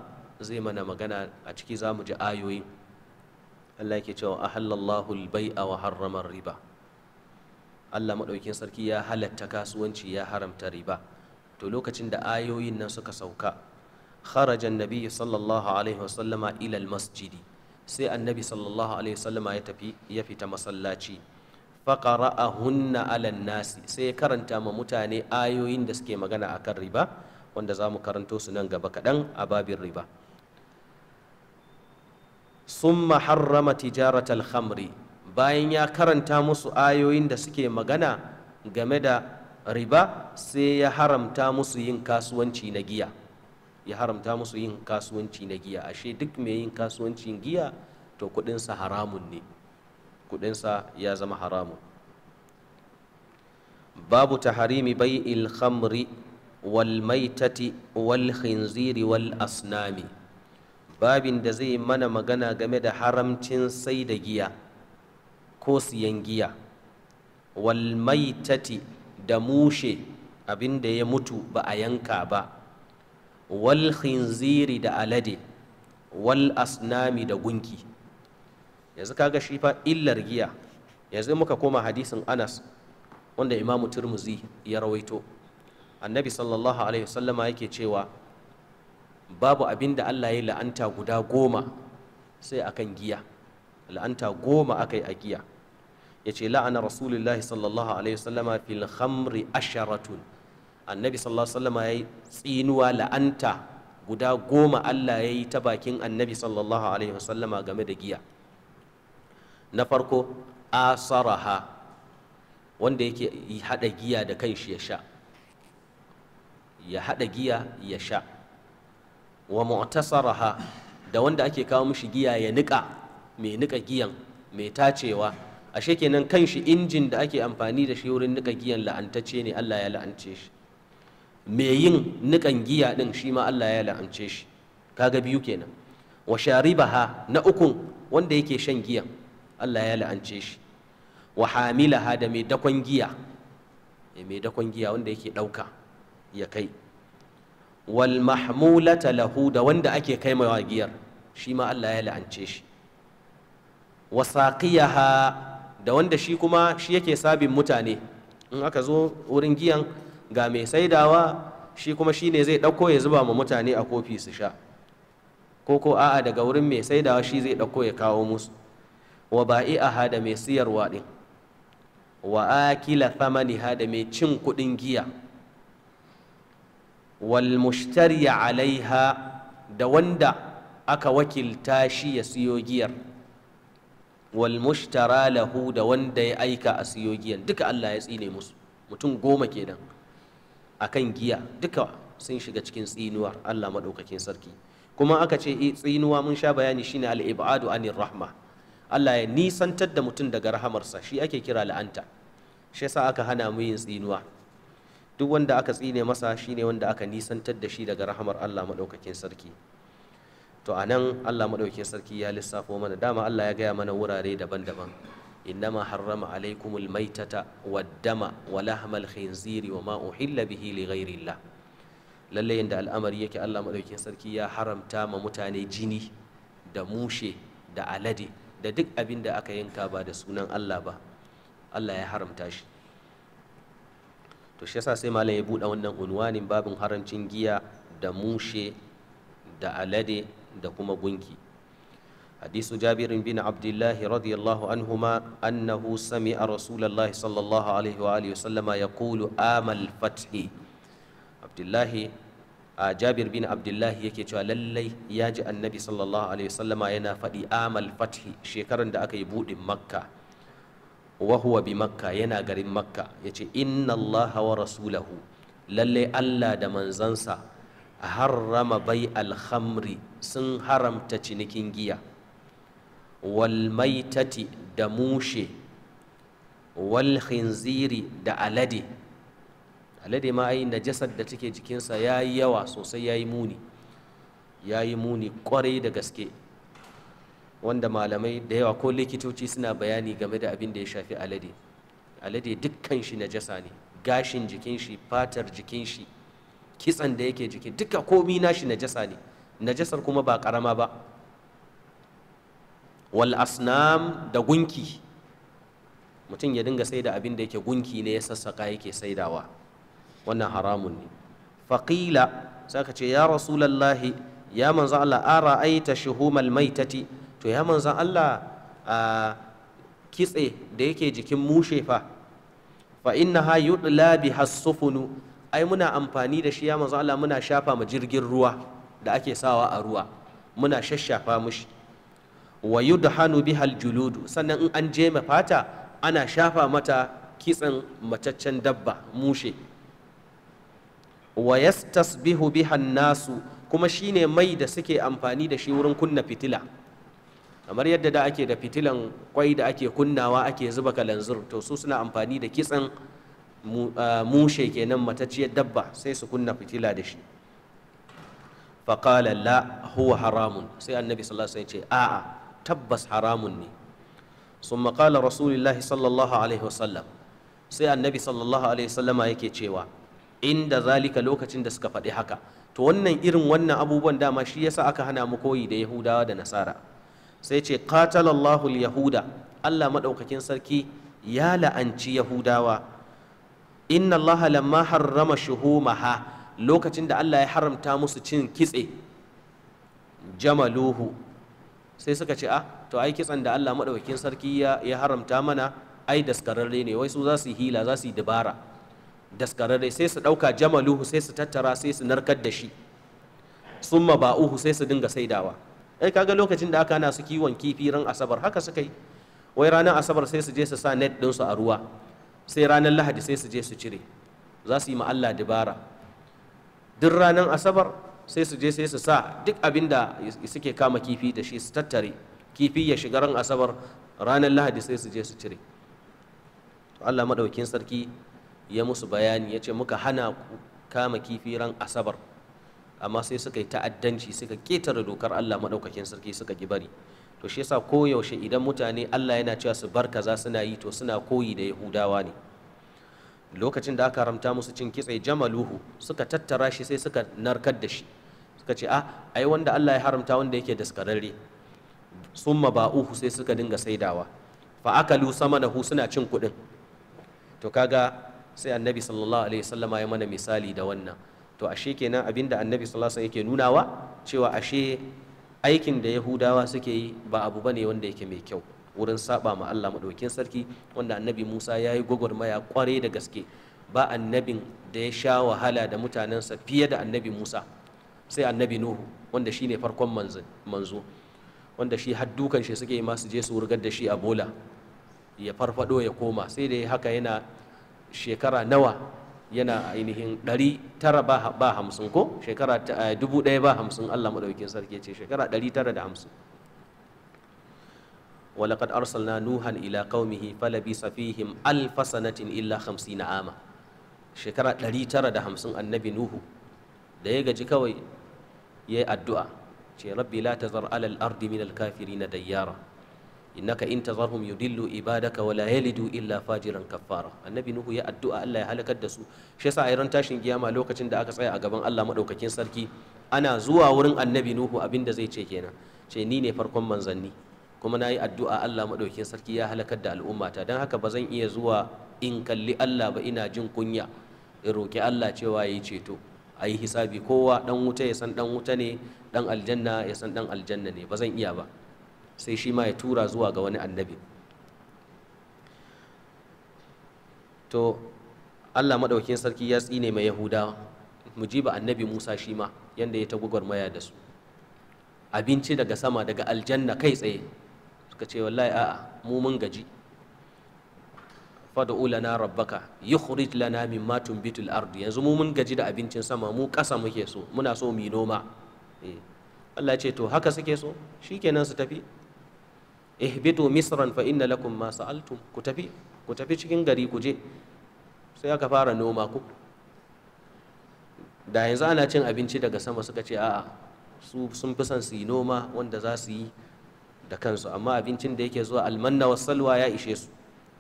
zai mana magana a ciki zamu ji ayoyin Allah yake cewa ahallallahu al-bai'a wa harrama riba Allah maɗaukin sarki ya halatta kasuwanci ya haramta riba to lokacin da ayoyin nan suka sauka kharaja annabi sallallahu alaihi wasallama ila almasjidi sai annabi sallallahu alaihi wasallama ya tafi ya fita masallaci faqara'ahunna Alan nasi sai ya karanta ma mutane ayoyin da suke magana akan riba wanda za mu karanto su nan gaba kaɗan a babin riba summa harrama tijaratal khamri bayan ya karanta musu ayoyin da suke magana game da riba sai ya haramta musu yin kasuwanci na giya ya haramta musu yin kasuwanci na giya ashe duk mai yin kasuwancin giya to kudinsa haramun ne kudinsa ya zama haramun babu taharimi bai khamri wal maitati wal khinziri wal asnami babin da zai mana magana game da haramcin sai da giya ko siyan giya wal maitati da mushe abin da ya mutu ba a yanka ba wal khinziri da alade wal asnami da gunki yanzu kaga shi fa illar giya yanzu muka koma hadisin anas wanda imamu turmuzi ya rawaito annabi sallallahu alaihi wasallama yake cewa babu abin da allah ya la'anta guda goma sai akan giya la'anta goma aka a giya ya ce la'ana rasulullahi sallallahu alaihi wasallama fil khamri asharatun annabi sallallahu alaihi wasallama ya yi tsinuwa la'anta guda goma Allah ya yi ta bakin annabi sallallahu alaihi wasallama game da giya na farko asaraha wanda yake hada giya da shi ya sha ya hada giya ya sha wa mu'tasaraha da wanda ake kawo mishi giya ya nika mai nika giyan mai tacewa ashe kenan kan shi injin da ake amfani da shi wurin nika giyan la'antacce ne Allah ya la'ance shi me yin nikan giya din shi ma Allah ya la'ance shi kaga biyu kenan wa sharibaha na ukun wanda yake shan giya Allah ya la'ance shi wa hamilaha da mai dakon giya eh, mai dakon giya wanda yake dauka ya kai wal mahmulata lahu da wanda ake kai mai giyar shi ma Allah ya la'ance shi wasaqiyaha da wanda shi kuma shi yake sabin mutane in aka zo wurin giyan ga mai saidawa shi kuma shi ne zai ɗauko ya zuba ma mutane a kofi su sha ko ko a'a daga wurin mai saidawa shi zai ɗauko ya kawo musu wa ba'i aha da mai siyarwa ɗin wa akila thamaniha da mai cin kuɗin giya wal mushtari alaiha da wanda aka wakilta shi ya siyo giyar wal mushtara lahu da wanda ya aika a siyo giyan duka Allah ya tsine musu mutum goma kenan akan giya duka sun shiga cikin tsinuwar Allah madaukakin sarki kuma aka ce eh, tsinuwa mun sha bayani shine al-ibadu anin rahma Allah ya nisantar da mutum daga rahamarsa shi ake kira la'anta shi sa aka hana mu yin tsinuwa duk wanda aka tsine masa shine wanda aka nisantar da shi daga rahamar Allah maɗaukakin sarki to a nan Allah maɗaukin sarki ya lissafo mana dama Allah ya gaya mana wurare daban-daban innama harrama alaikumul maitata waddama wa lahmal wa ma uhilla bihi li ghairillah lalle yanda yake Allah maɗaukin sarki ya haramta ma mutane jini da mushe da alade da duk abin da aka yanka ba da sunan Allah ba Allah ya haramta shi to shi yasa sai malam ya buɗe wannan unwanin babin haramcin giya da mushe da alade da kuma gunki hadisu Jabir bin abdullahi radiyallahu anhuma annahu sami'a rasulullahi sallallahu alaihi wa alihi sallama yaqulu amal fathi abdullahi a jabir bin abdullahi yake cewa lallai ya ji annabi sallallahu alaihi wasallama yana faɗi amal fathi shekaran da aka yi buɗin makka wa huwa bi makka yana garin makka yace inna allaha wa rasulahu lallai allah da manzansa harrama bai alhamri sun haramta cinikin giya walmaitati da mushe walhinziri da alade alade ma ai najasar da take jikinsa ya yi yawa sosai ya yi muni ya yi muni kwarai da gaske wanda malamai da yawa ko likitoci suna bayani game da abin da ya shafi alade alade dukkan shi najasa ne gashin jikin shi fatar jikin shi kitsan da yake jiki duka komi nashi najasa ne najasar kuma ba karama ba wal asnam da gunki mutum ya dinga sai da abin da yake gunki ne ya sassaka yake saidawa wannan haramun ne faƙila sai ka ce ya rasulallahi ya manzan Allah a ra'aita shuhumal maitati to ya manzan Allah a kitse da yake jikin mushe fa fa innaha yudla biha sufunu ai muna amfani da shi ya manzo Allah muna shafa ma jirgin ruwa da ake sawa a ruwa muna shashafa mushi wa yudhanu biha juludu sannan in an je fata ana shafa mata kitsin mataccen dabba mushe wa yastasbihu biha nasu kuma shine mai da suke amfani da shi wurin kunna fitila kamar yadda da ake da fitilan kwai da ake kunnawa ake zuba kalanzir to su suna amfani da kitsan Ah, mushe kenan matacciyar dabba sai su kunna fitila da shi faƙala la huwa haramun sai annabi sallallahu alaihi ce a'a tabbas haramun ne sun maƙala sallallahu alaihi wasallam sai annabi sallallahu alaihi wasallama yake cewa inda zalika lokacin da suka faɗi haka to wannan irin wannan abubuwan dama shi yasa aka hana mu koyi da yahudawa da nasara sai ce qatalallahu yahuda Allah maɗaukakin sarki ya la'anci yahudawa inna allaha lamma harrama shuhumaha lokacin da Allah ya haramta musu cin kitse jamaluhu sai suka ce a ah, to ai kitsan da Allah madaukakin sarki ya haramta mana ai daskararre ne wai su za su hila za su yi dabara daskararre sai su dauka jamaluhu sai su tattara sai su narkar da shi summa ba'uhu sai su dinga saidawa ai kaga lokacin da aka ana su kiwon kifi ran asabar haka suka yi wai ranar asabar sai su je su sa net ɗinsu a ruwa sai ranar lahadi sai su je su cire za su yi ma Allah dibara duk ranar asabar sai su je sai su sa duk abin da suke kama kifi da shi su tattare kifi ya shiga ran asabar ranar lahadi sai su je su cire Allah maɗaukin sarki ya musu bayani ya ce muka hana kama kifi ran asabar amma sai suka yi ta'addanci suka ketare dokar Allah maɗaukakin sarki suka ki bari to shi yasa koyaushe idan mutane Allah yana cewa su bar kaza suna yi to suna koyi da Yahudawa ne lokacin da aka haramta musu cin kitse jamaluhu suka tattara shi sai suka narkar da shi suka ce ah ai wanda Allah ya haramta wanda yake daskararre summa ba'uhu sai suka dinga saidawa fa akalu samanahu suna cin kuɗin to kaga sai annabi sallallahu alaihi wasallama ya mana misali da wannan to ashe kenan abinda annabi sallallahu alaihi wasallam yake nunawa cewa ashe aikin da yahudawa suke yi ba abu ba ne wanda yake mai kyau wurin saba ma Allah madaukin sarki wanda annabi Musa ya yi gwagwarmaya kwarai da gaske ba annabin da ya sha wahala da mutanensa fiye da annabi Musa sai annabi Nuhu wanda shine farkon manzo wanda shi har dukan shi suke ma su je su wurgar da shi a bola ya farfado ya koma sai da haka yana shekara nawa yana ainihin ɗari tara ba hamsin ko shekara eh, dubu ɗaya ba hamsin Allah maɗaukin sarki ce shekara ɗari tara da hamsin walaƙad arsalna nuhan ila qaumihi Falabi fihim alfa sanatin illa na ama shekara ɗari tara da hamsin annabi nuhu da ya gaji kawai ya yi addu'a ce rabbi la tazar alal ardi min al na dayyara innaka in tazarhum yudillu ibadaka wala yalidu illa fajiran kafara annabi nuhu ya addu'a Allah ya halakar da su shi yasa a ran tashin giyama lokacin da aka tsaya a gaban Allah madaukakin sarki ana zuwa wurin annabi nuhu abinda zai ce kenan ce ni ne farkon manzanni kuma na yi addu'a Allah madaukakin sarki ya halakar da al'ummata don haka ba zan iya zuwa in kalli Allah ba ina jin kunya in roki Allah cewa ya yi ceto a yi hisabi kowa dan wuta ya san dan wuta ne dan aljanna ya san dan aljanna ne ba zan iya ba sai shi ma ya tura zuwa ga wani annabi to allah maɗaukin sarki ya tsine mai yahudawa mujiba annabi musa shi ma yadda ya ta maya da su abinci daga sama daga aljanna kai tsaye suka ce wallahi a'a mu mun gaji fad'u lana rabbaka yukhrij lana mimma bitul ardi yanzu mu mun gaji da abincin sama mu ƙasa muke so muna so mu noma eh Allah ce to haka suke so shikenan su tafi ihbitu misran fa inna lakum ma sa'altum ku tafi ku tafi cikin gari ku je sai aka fara noma ku da yanzu ana cin abinci daga sama suka ce a'a su sun fi son su yi noma wanda za su yi da kansu amma abincin da yake zuwa almanna wa salwa ya ishe su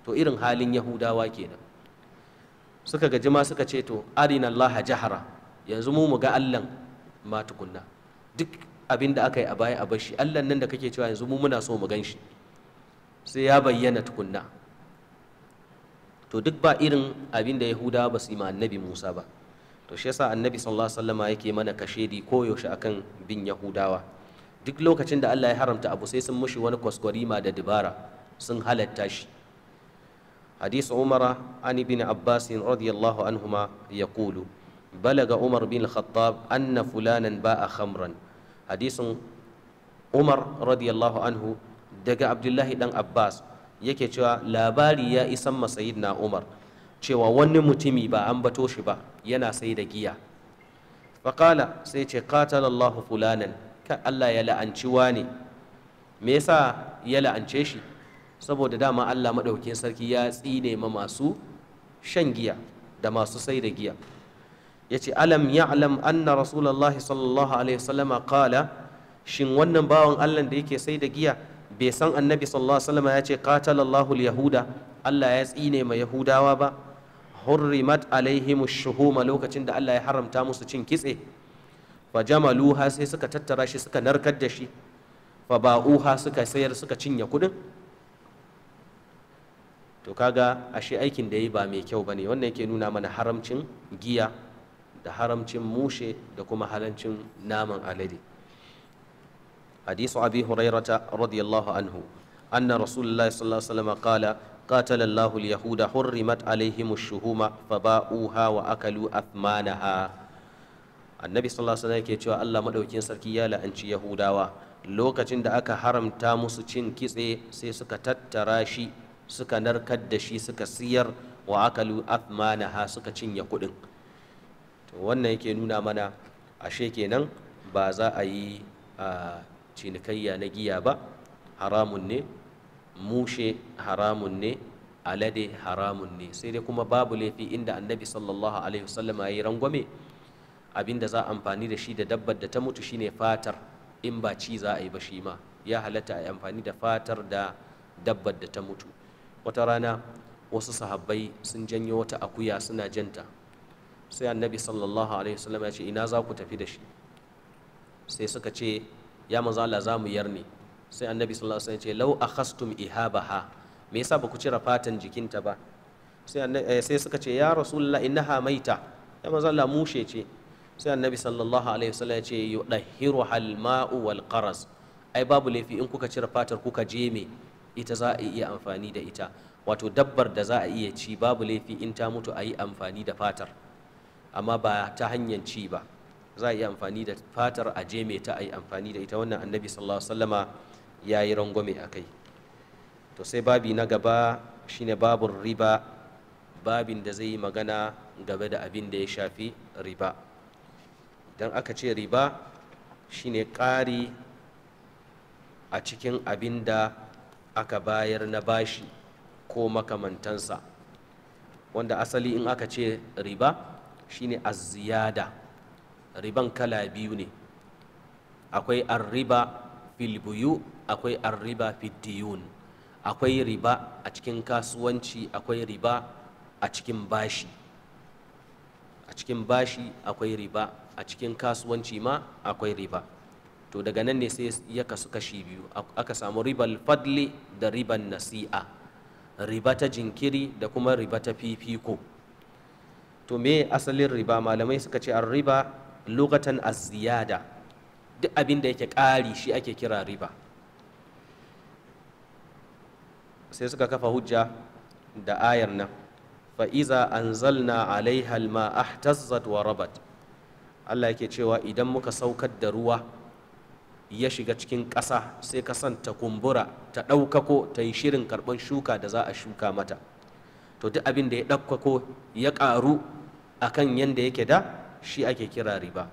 to irin halin yahudawa kenan suka gaji ma suka ce to arina Allah jahara yanzu mu mu ga allan ma tukunna duk abin da aka yi a baya a bashi Allah nan da kake cewa yanzu mu muna so mu gan shi sai ya bayyana tukunna to duk ba irin abin da yahudawa ba su yi ma annabi musa ba to shi yasa annabi sallallahu alaihi wasallama yake mana kashedi koyaushe akan bin yahudawa duk lokacin da Allah ya haramta abu sai sun mushi wani kwaskwarima da dabara sun halatta shi حديث عمر عن ابن عباس رضي الله عنهما يقول بلغ عمر بن الخطاب أن فلانا باء خمرا hadisin umar radiyallahu anhu daga abdullahi dan abbas yake cewa labari ya isan masayid na umar cewa wani mutumi ba an bato shi ba yana sai da giya faƙala sai ce qatalallahu fulanan ka allah ya la'anci ne me yasa ya la'ance shi saboda dama allah maɗaukin sarki ya tsine ma masu shan giya da masu sai da giya yace alam ya'lam anna rasulullahi sallallahu alaihi wasallama qala shin wannan bawan Allah da yake sai da giya bai san annabi sallallahu alaihi wasallama yace qatalallahu alyahuda Allah ya tsine ma yahudawa ba hurrimat alaihim shuhuma lokacin da Allah ya haramta musu cin kitse fa jamaluha sai suka tattara shi suka narkar da shi fa ba'uha suka sayar suka cinye kudin to kaga ashe aikin da yi ba mai kyau bane wannan yake nuna mana haramcin giya da haramcin mushe da kuma halancin naman alade hadisu abi hurairata radiyallahu anhu anna rasulullahi sallallahu alaihi wasallam qala قاتل الله اليهود حرمت عليهم الشهوم فباؤوها وأكلوا أثمانها النبي صلى الله عليه وسلم yake cewa Allah madaukin sarki ya la'anci Yahudawa lokacin da aka haramta musu cin kitse sai suka tattara shi suka narkar da shi suka siyar wa akalu athmanaha suka cinye kuɗin wannan yake nuna mana ashe kenan ba za a yi cinikayya na giya ba haramun ne mushe haramun ne alade haramun ne sai dai kuma babu laifi inda annabi sallallahu alaihi wasallama ya yi rangwame abinda za a amfani da shi da dabbar da ta mutu shine fatar in ba ci za a yi ba shi ma ya halatta a yi amfani da fatar da dabbar da ta mutu wata rana wasu sahabbai sun janyo wata akuya suna janta sai annabi sallallahu alaihi wasallam ya ce ina za ku tafi da shi sai suka ce ya manzo Allah za mu yar sai annabi sallallahu alaihi wasallam ya ce law akhastum ihabaha me yasa ba ku cire fatan jikinta ba eh, sai suka ce ya rasulullah innaha maita ya manzo Allah mushe ce sai annabi sallallahu alaihi wasallam ya ce yudahhiru hal ma'u wal qaras ai babu laifi in kuka cire fatar kuka je jeme ita za a iya amfani da ita wato dabbar da za a iya ci babu laifi in ta mutu a yi amfani da fatar amma ba ta hanyar ci ba za a yi amfani da fatar a je mai ta a yi amfani da ita wannan annabi sallallahu alaihi ya yi rangwame a kai to sai babi na gaba shine babun riba babin da zai yi magana game da abin da ya shafi riba idan aka ce riba shine ƙari a cikin abin da aka bayar na bashi ko makamantansa wanda asali in aka ce riba shine az-ziyada riban kala biyu ne akwai arriba fil buyu akwai arriba fid diyun akwai riba a cikin kasuwanci akwai riba a cikin bashi a cikin bashi akwai riba a cikin kasuwanci ma akwai riba to daga nan ne sai ya kasu kashi biyu aka samu ribal fadli da riban nasi'a riba ta jinkiri da kuma riba ta fifiko to me asalin riba malamai suka ce an riba lugatan aziyada duk abin da yake ƙari shi ake kira riba sai suka kafa hujja da ayar nan fa'iza anzalna alaihalma alma ahtazzat wa rabat Allah yake cewa idan muka saukar da ruwa ya shiga cikin ƙasa sai kasan ta kumbura ta ɗaukako ta yi shirin karɓar shuka da za a shuka mata to duk abin da ya ɗaukako ya ƙaru akan yanda yake da shi ake kira riba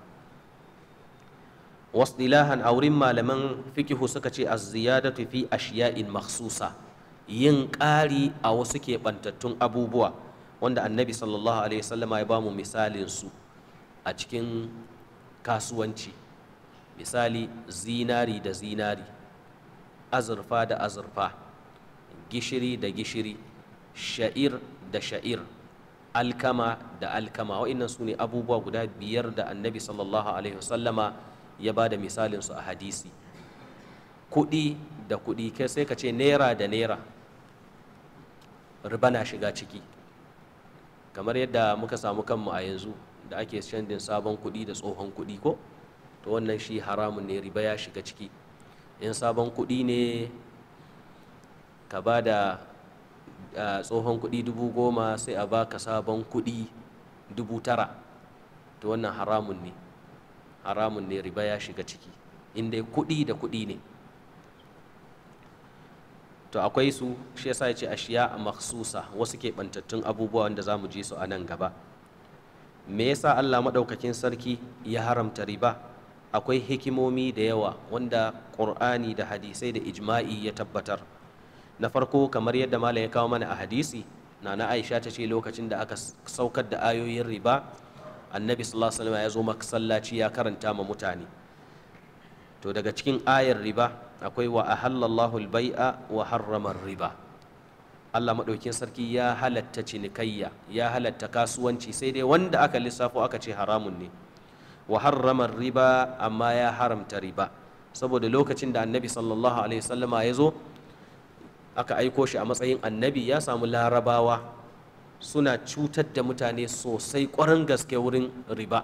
wasdilahan a wurin malaman fikihu suka ce a ziyadatu fi ashiya'in maksusa yin ƙari a wasu keɓantattun abubuwa wanda annabi sallallahu alaihi wasallama ya bamu misalin su a cikin kasuwanci misali zinari da zinari azurfa da azurfa gishiri da gishiri sha'ir da sha'ir alkama da alkama wa'annan su ne abubuwa guda biyar da annabi sallallahu alaihi wasallama ya ba da misalin su a hadisi kuɗi da kuɗi kai sai ka ce naira da naira riba na shiga ciki kamar yadda muka samu kanmu a yanzu da ake shandin sabon kuɗi da tsohon kuɗi ko to wannan shi haramun ne riba ya shiga ciki in sabon kuɗi ne ka ba da tsohon kuɗi dubu goma sai a baka sabon kuɗi dubu tara to wannan haramun ne haramun ne riba ya shiga ciki inda kuɗi da kuɗi ne to akwai su shi yasa ce ashiya a maksusa wasu keɓantattun abubuwa wanda za mu ji su a nan gaba me yasa allah maɗaukakin sarki ya haramta riba akwai hikimomi da yawa wanda ƙur'ani da hadisai da ijma'i ya tabbatar na farko kamar yadda malam ya kawo mana a hadisi na na aisha ta ce lokacin da aka saukar da ayoyin riba annabi sallallahu alaihi ya zo masallaci ya karanta ma mutane to daga cikin ayar riba akwai wa ahallallahu albai'a wa harrama riba Allah madaukin sarki ya halatta cinikayya ya halatta kasuwanci sai dai wanda aka lissafo aka ce haramun ne wa harrama riba amma ya haramta riba saboda lokacin da annabi sallallahu alaihi wasallama ya zo aka aiko shi a matsayin annabi ya samu larabawa suna cutar da mutane sosai ƙwarin gaske wurin riba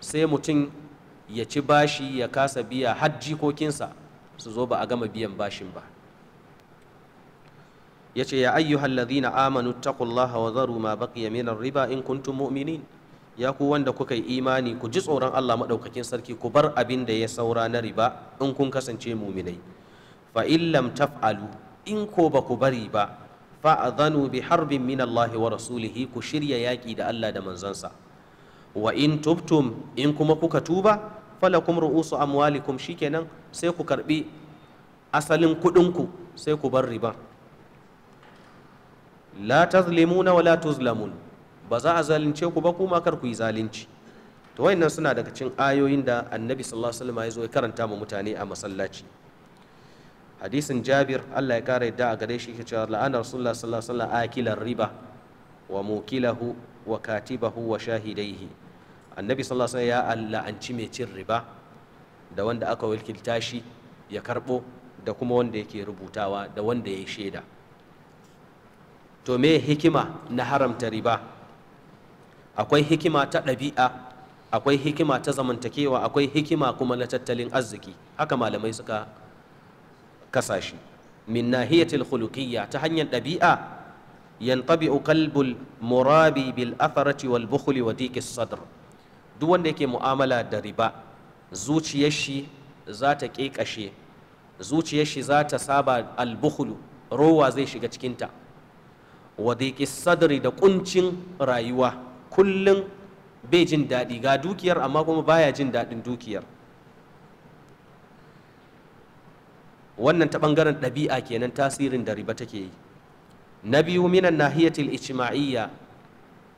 sai mutum ya ci bashi ya kasa biya har jikokinsa su zo ba a gama biyan bashin ba ya ce ya ayyuhal ladhina amanu taqullaha wa zaru ma baqiya min riba in kuntum mu'minin ya ku wanda kuka yi imani ku ji tsoron Allah maɗaukakin sarki ku bar abin da ya saura na riba in kun kasance muminai fa taf'alu in ko ba ku bari ba fa'adhanu bi harbin min Allah wa rasulihi ku shirya yaƙi da Allah da manzansa wa in tubtum in kuma kuka tuba falakum ru'usu amwalikum shikenan sai ku karbi asalin kudin ku sai ku bar riba la tazlimuna wa la tuzlamun ba za a zalunce ku ba kuma kar ku yi zalunci to wayannan suna daga cikin ayoyin da annabi sallallahu alaihi wasallam ya zo ya karanta mu mutane a masallaci hadisin jabir allah ya kara yadda a gare shi ke cewa la'ana rasulullah sallallahu alaihi wasallam akilar riba wa mukilahu wa katibahu wa shahidaihi annabi sallallahu alaihi wasallam ya la'anci mai cin riba da wanda aka wakilta shi ya karbo da kuma wanda yake rubutawa da wanda ya shaida to me hikima na haramta riba akwai hikima ta ɗabi'a akwai hikima ta zamantakewa akwai hikima kuma na tattalin arziki haka malamai suka kasashe min nahiyatil khuluqiyya ta hanyar ɗabi'a yantabi'u qalbul murabi bil atharati wal bukhli wa sadr duk wanda yake mu'amala da riba zuciyar shi za ta ƙeƙashe zuciyar shi za ta saba al bukhlu rowa zai shiga cikinta wa dikis sadri da kuncin rayuwa kullum bai jin daɗi ga dukiyar amma kuma baya jin daɗin dukiyar wannan ta ɓangaren ɗabi'a kenan tasirin da riba take yi na biyu minan nahiyatil ijtima'iyya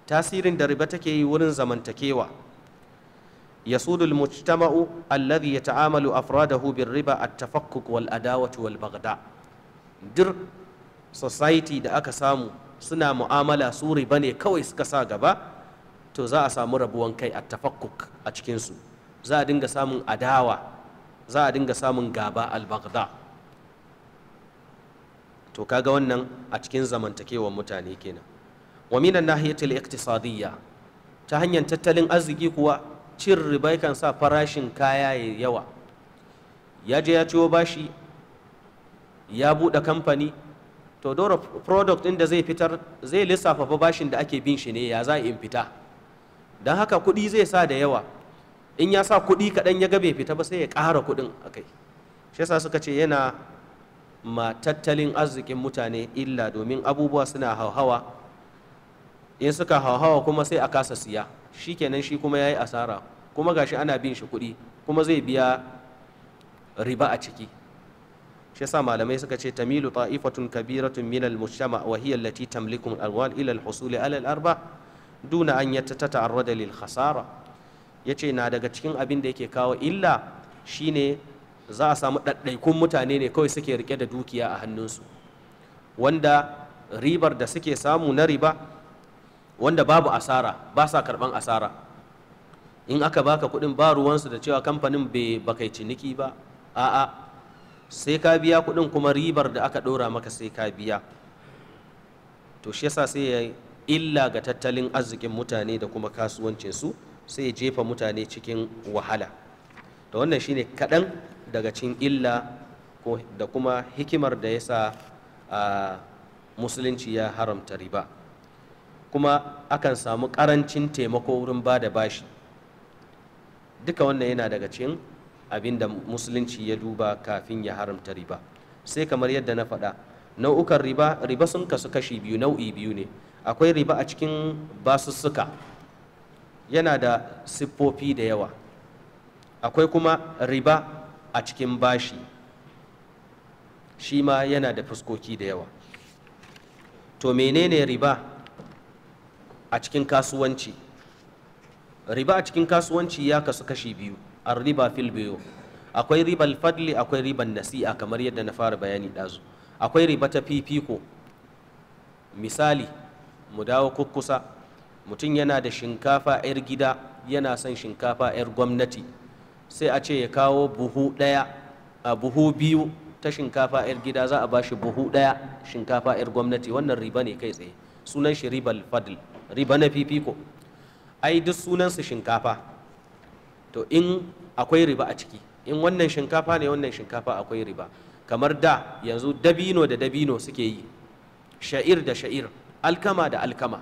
tasirin da riba take yi wurin zamantakewa يسود المجتمع الذي يتعامل أفراده بالربا التفكك والأداوة والبغضاء dir society da aka samu suna mu'amala su riba ne kawai suka sa gaba to za a samu rabuwan kai a tafakkuk a cikinsu za a dinga samun adawa za a dinga samun gaba al to kaga wannan a cikin zamantakewar mutane kenan wa minan nahiyatil iqtisadiyya ta hanyar tattalin arziki kuwa cin riba kan sa farashin kaya ya yawa ya je ya ciwo bashi ya buɗe kamfani to dora product ɗin da zai fitar zai lissafa fa bashin da ake bin shi ne ya za in fita don haka kuɗi zai sa da yawa in ya sa kuɗi kaɗan ya ga bai fita ba sai ya kara kuɗin akai shi yasa suka ce yana ma tattalin arzikin mutane illa domin abubuwa suna hauhawa in suka hauhawa kuma sai a kasa siya shi kenan shi kuma ya yi asara kuma gashi ana bin shi kuɗi kuma zai biya riba a ciki shi yasa malamai suka ce tamilu ta'ifatun kabiratun min al-mujtama wa hiya allati tamliku al-amwal ila al-husuli ala al-arba duna an yatata'arrada lil khasara yace na daga cikin abin da yake kawo illa shine za a samu ɗaɗɗaikun mutane ne kawai suke rike da dukiya a hannunsu wanda ribar da suke samu na riba wanda babu asara ba sa karɓan asara in aka baka kuɗin ba ruwansu da cewa kamfanin bai bakai ciniki ba a'a sai ka biya kuɗin kuma ribar da aka ɗora maka sai ka biya to shi yasa sai ya illa ga tattalin arzikin mutane da kuma kasuwancinsu sai ya jefa mutane cikin wahala da wannan shine kaɗan daga cikin illa da kuma hikimar da ya sa musulunci ya haramta riba kuma akan samu ƙarancin taimako wurin ba da bashi duka wannan yana daga cikin abinda musulunci ya duba kafin ya haramta riba sai kamar yadda na faɗa nau'ukan riba riba sun kasu kashi biyu nau'i biyu ne akwai riba a cikin basussuka yana da siffofi da yawa akwai kuma riba a cikin bashi shi ma yana da fuskoki da yawa to menene riba a cikin kasuwanci riba a cikin kasuwanci ya kasu kashi biyu an riba fil biyu akwai ribar fadli akwai ribar nasi'a kamar yadda na fara bayani ɗazu akwai riba ta fifiko misali mu dawo kukkusa mutum yana da shinkafa 'yar gida yana son shinkafa 'yar gwamnati sai a ce ya kawo buhu ɗaya a buhu biyu ta shinkafa 'yar gida za a ba shi buhu ɗaya shinkafa 'yar gwamnati wannan riba ne kai tsaye sunan shi ribal fadl riba na fifiko ai duk sunan su shinkafa to in akwai riba a ciki in wannan shinkafa ne wannan shinkafa akwai riba kamar da yanzu dabino da dabino suke yi sha'ir da sha'ir alkama da alkama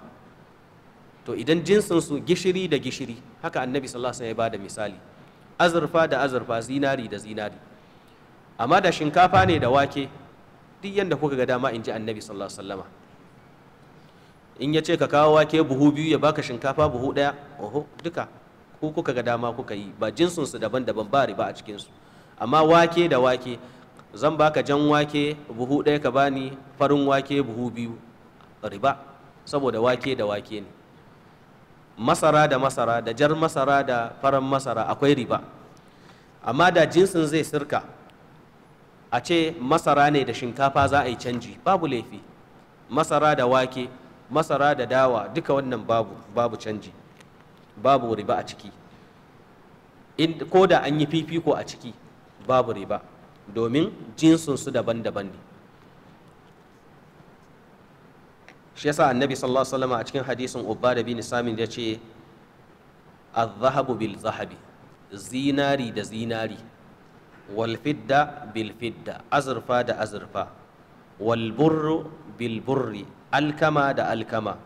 to idan jinsinsu gishiri da gishiri haka annabi sallallahu alaihi wasallam ya bada misali azurfa da azurfa zinari da zinari amma da shinkafa ne da wake duk yadda kuka ga dama in ji annabi sallallahu alaihi in ya ce ka kawo wake buhu biyu ya baka shinkafa buhu ɗaya oho duka ku kuka ga dama kuka yi ba jinsinsu daban-daban ba riba a cikinsu amma wake da wake zan baka jan wake buhu ɗaya ka bani farin wake buhu biyu riba saboda wake da wake ne masara da masara da jar masara da farar masara akwai riba amma da jinsin zai sirka a ce masara ne da shinkafa za a yi canji babu laifi masara da wake masara da dawa duka wannan babu babu canji babu riba a ciki ko da an yi fifiko a ciki babu riba domin jinsinsu daban-daban ne shi yasa annabi sallallahu alaihi wasallam a cikin hadisin ubada Bini samin ya ce az-zahabu bil zahabi zinari da zinari wal fidda bil fidda azurfa da azurfa wal burru bil burri alkama da alkama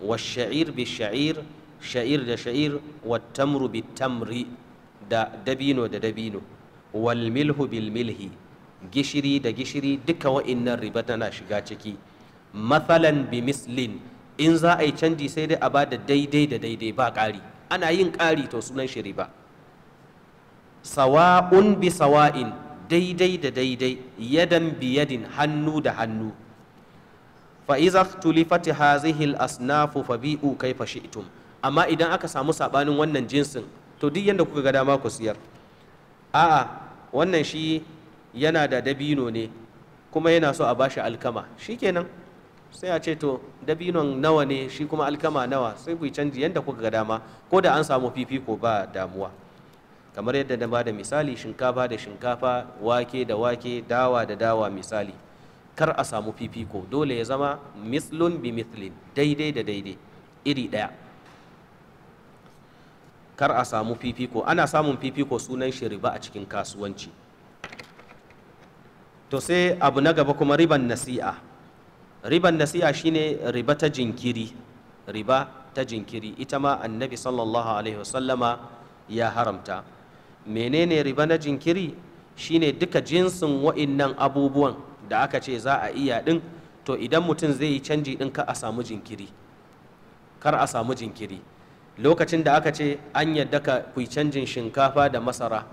wal sha'ir bil sha'ir sha'ir da sha'ir wat tamru bit tamri da dabino da dabino wal milhu bil milhi gishiri da gishiri duka wa'innan riba tana shiga ciki mathalan bi mislin in za a yi canji sai dai a ba da daidai da daidai ba ƙari ana yin ƙari to sunan shiri ba sawa'un bi sawa'in daidai da daidai yadan bi yadin hannu da hannu fa iza tulifati hazihi al-asnafu fabi'u kayfa shi'tum amma idan aka samu sabanin wannan jinsin to duk yanda kuka ga dama ku siyar a'a wannan shi yana da dabino ne kuma yana so a bashi alkama shikenan sai a ce to dabinon nawa ne shi kuma alkama nawa sai ku canji yadda kuka ga dama ko da an samu fifiko ba damuwa kamar yadda na bada misali shinkafa da shinkafa wake da wake dawa da dawa misali kar a samu fifiko dole ya zama mislun bi mislin daidai da daidai iri ɗaya kar a samu fifiko ana samun fifiko sunan shi riba a cikin kasuwanci to sai abu na gaba kuma riban nasi'a riban nasi'a shine riba ta jinkiri riba ta jinkiri ita ma annabi sallallahu alaihi wasallama ya haramta menene riba na jinkiri shine duka jinsin wa'innan abubuwan da aka ce za a iya ɗin to idan mutum zai yi canji din ka a samu jinkiri kar a samu jinkiri lokacin da aka ce an yadda ka ku canjin shinkafa da masara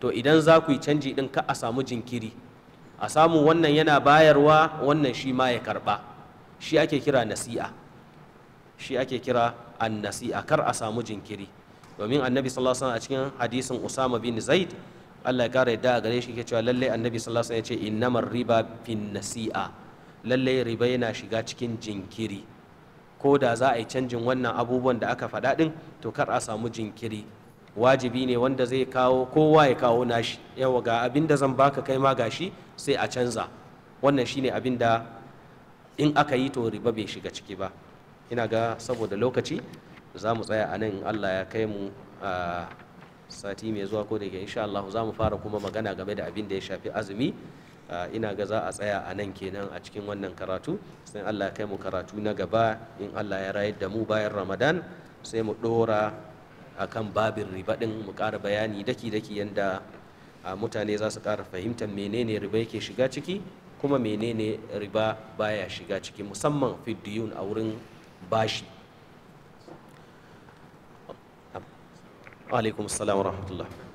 to idan za ku yi canji din ka a samu jinkiri a samu wannan yana bayarwa wannan shi ma ya karba shi ake kira nasi'a shi ake kira an nasi'a kar a samu jinkiri domin annabi sallallahu alaihi a cikin hadisin usama bin zaid Allah ya kara yadda a gare shi ke cewa lalle annabi sallallahu alaihi wasallam ya ce innamar riba fin nasi'a lalle riba yana shiga cikin jinkiri ko da za a yi canjin wannan abubuwan da aka faɗa ɗin to kar a samu jinkiri wajibi ne wanda zai kawo kowa ya kawo nashi yawa ga abin da zan baka kai ma gashi sai a canza wannan shine abin da in aka yi to riba bai shiga ciki ba ina ga saboda lokaci za mu tsaya a nan allah ya kai mu a sati mai zuwa ko daga ke insha Allah za mu fara kuma magana game da abin da ya shafi azumi ina ga za a tsaya a nan kenan a cikin wannan karatu sai Allah ya kai mu karatu na gaba in Allah ya rayar da mu bayan Ramadan sai mu dora akan babin riba din mu ƙara bayani daki-daki yanda a mutane za su ƙara fahimtar menene riba yake shiga ciki kuma menene riba baya shiga ciki musamman fidiyun a wurin bashi alaikum salam wa rahmatullah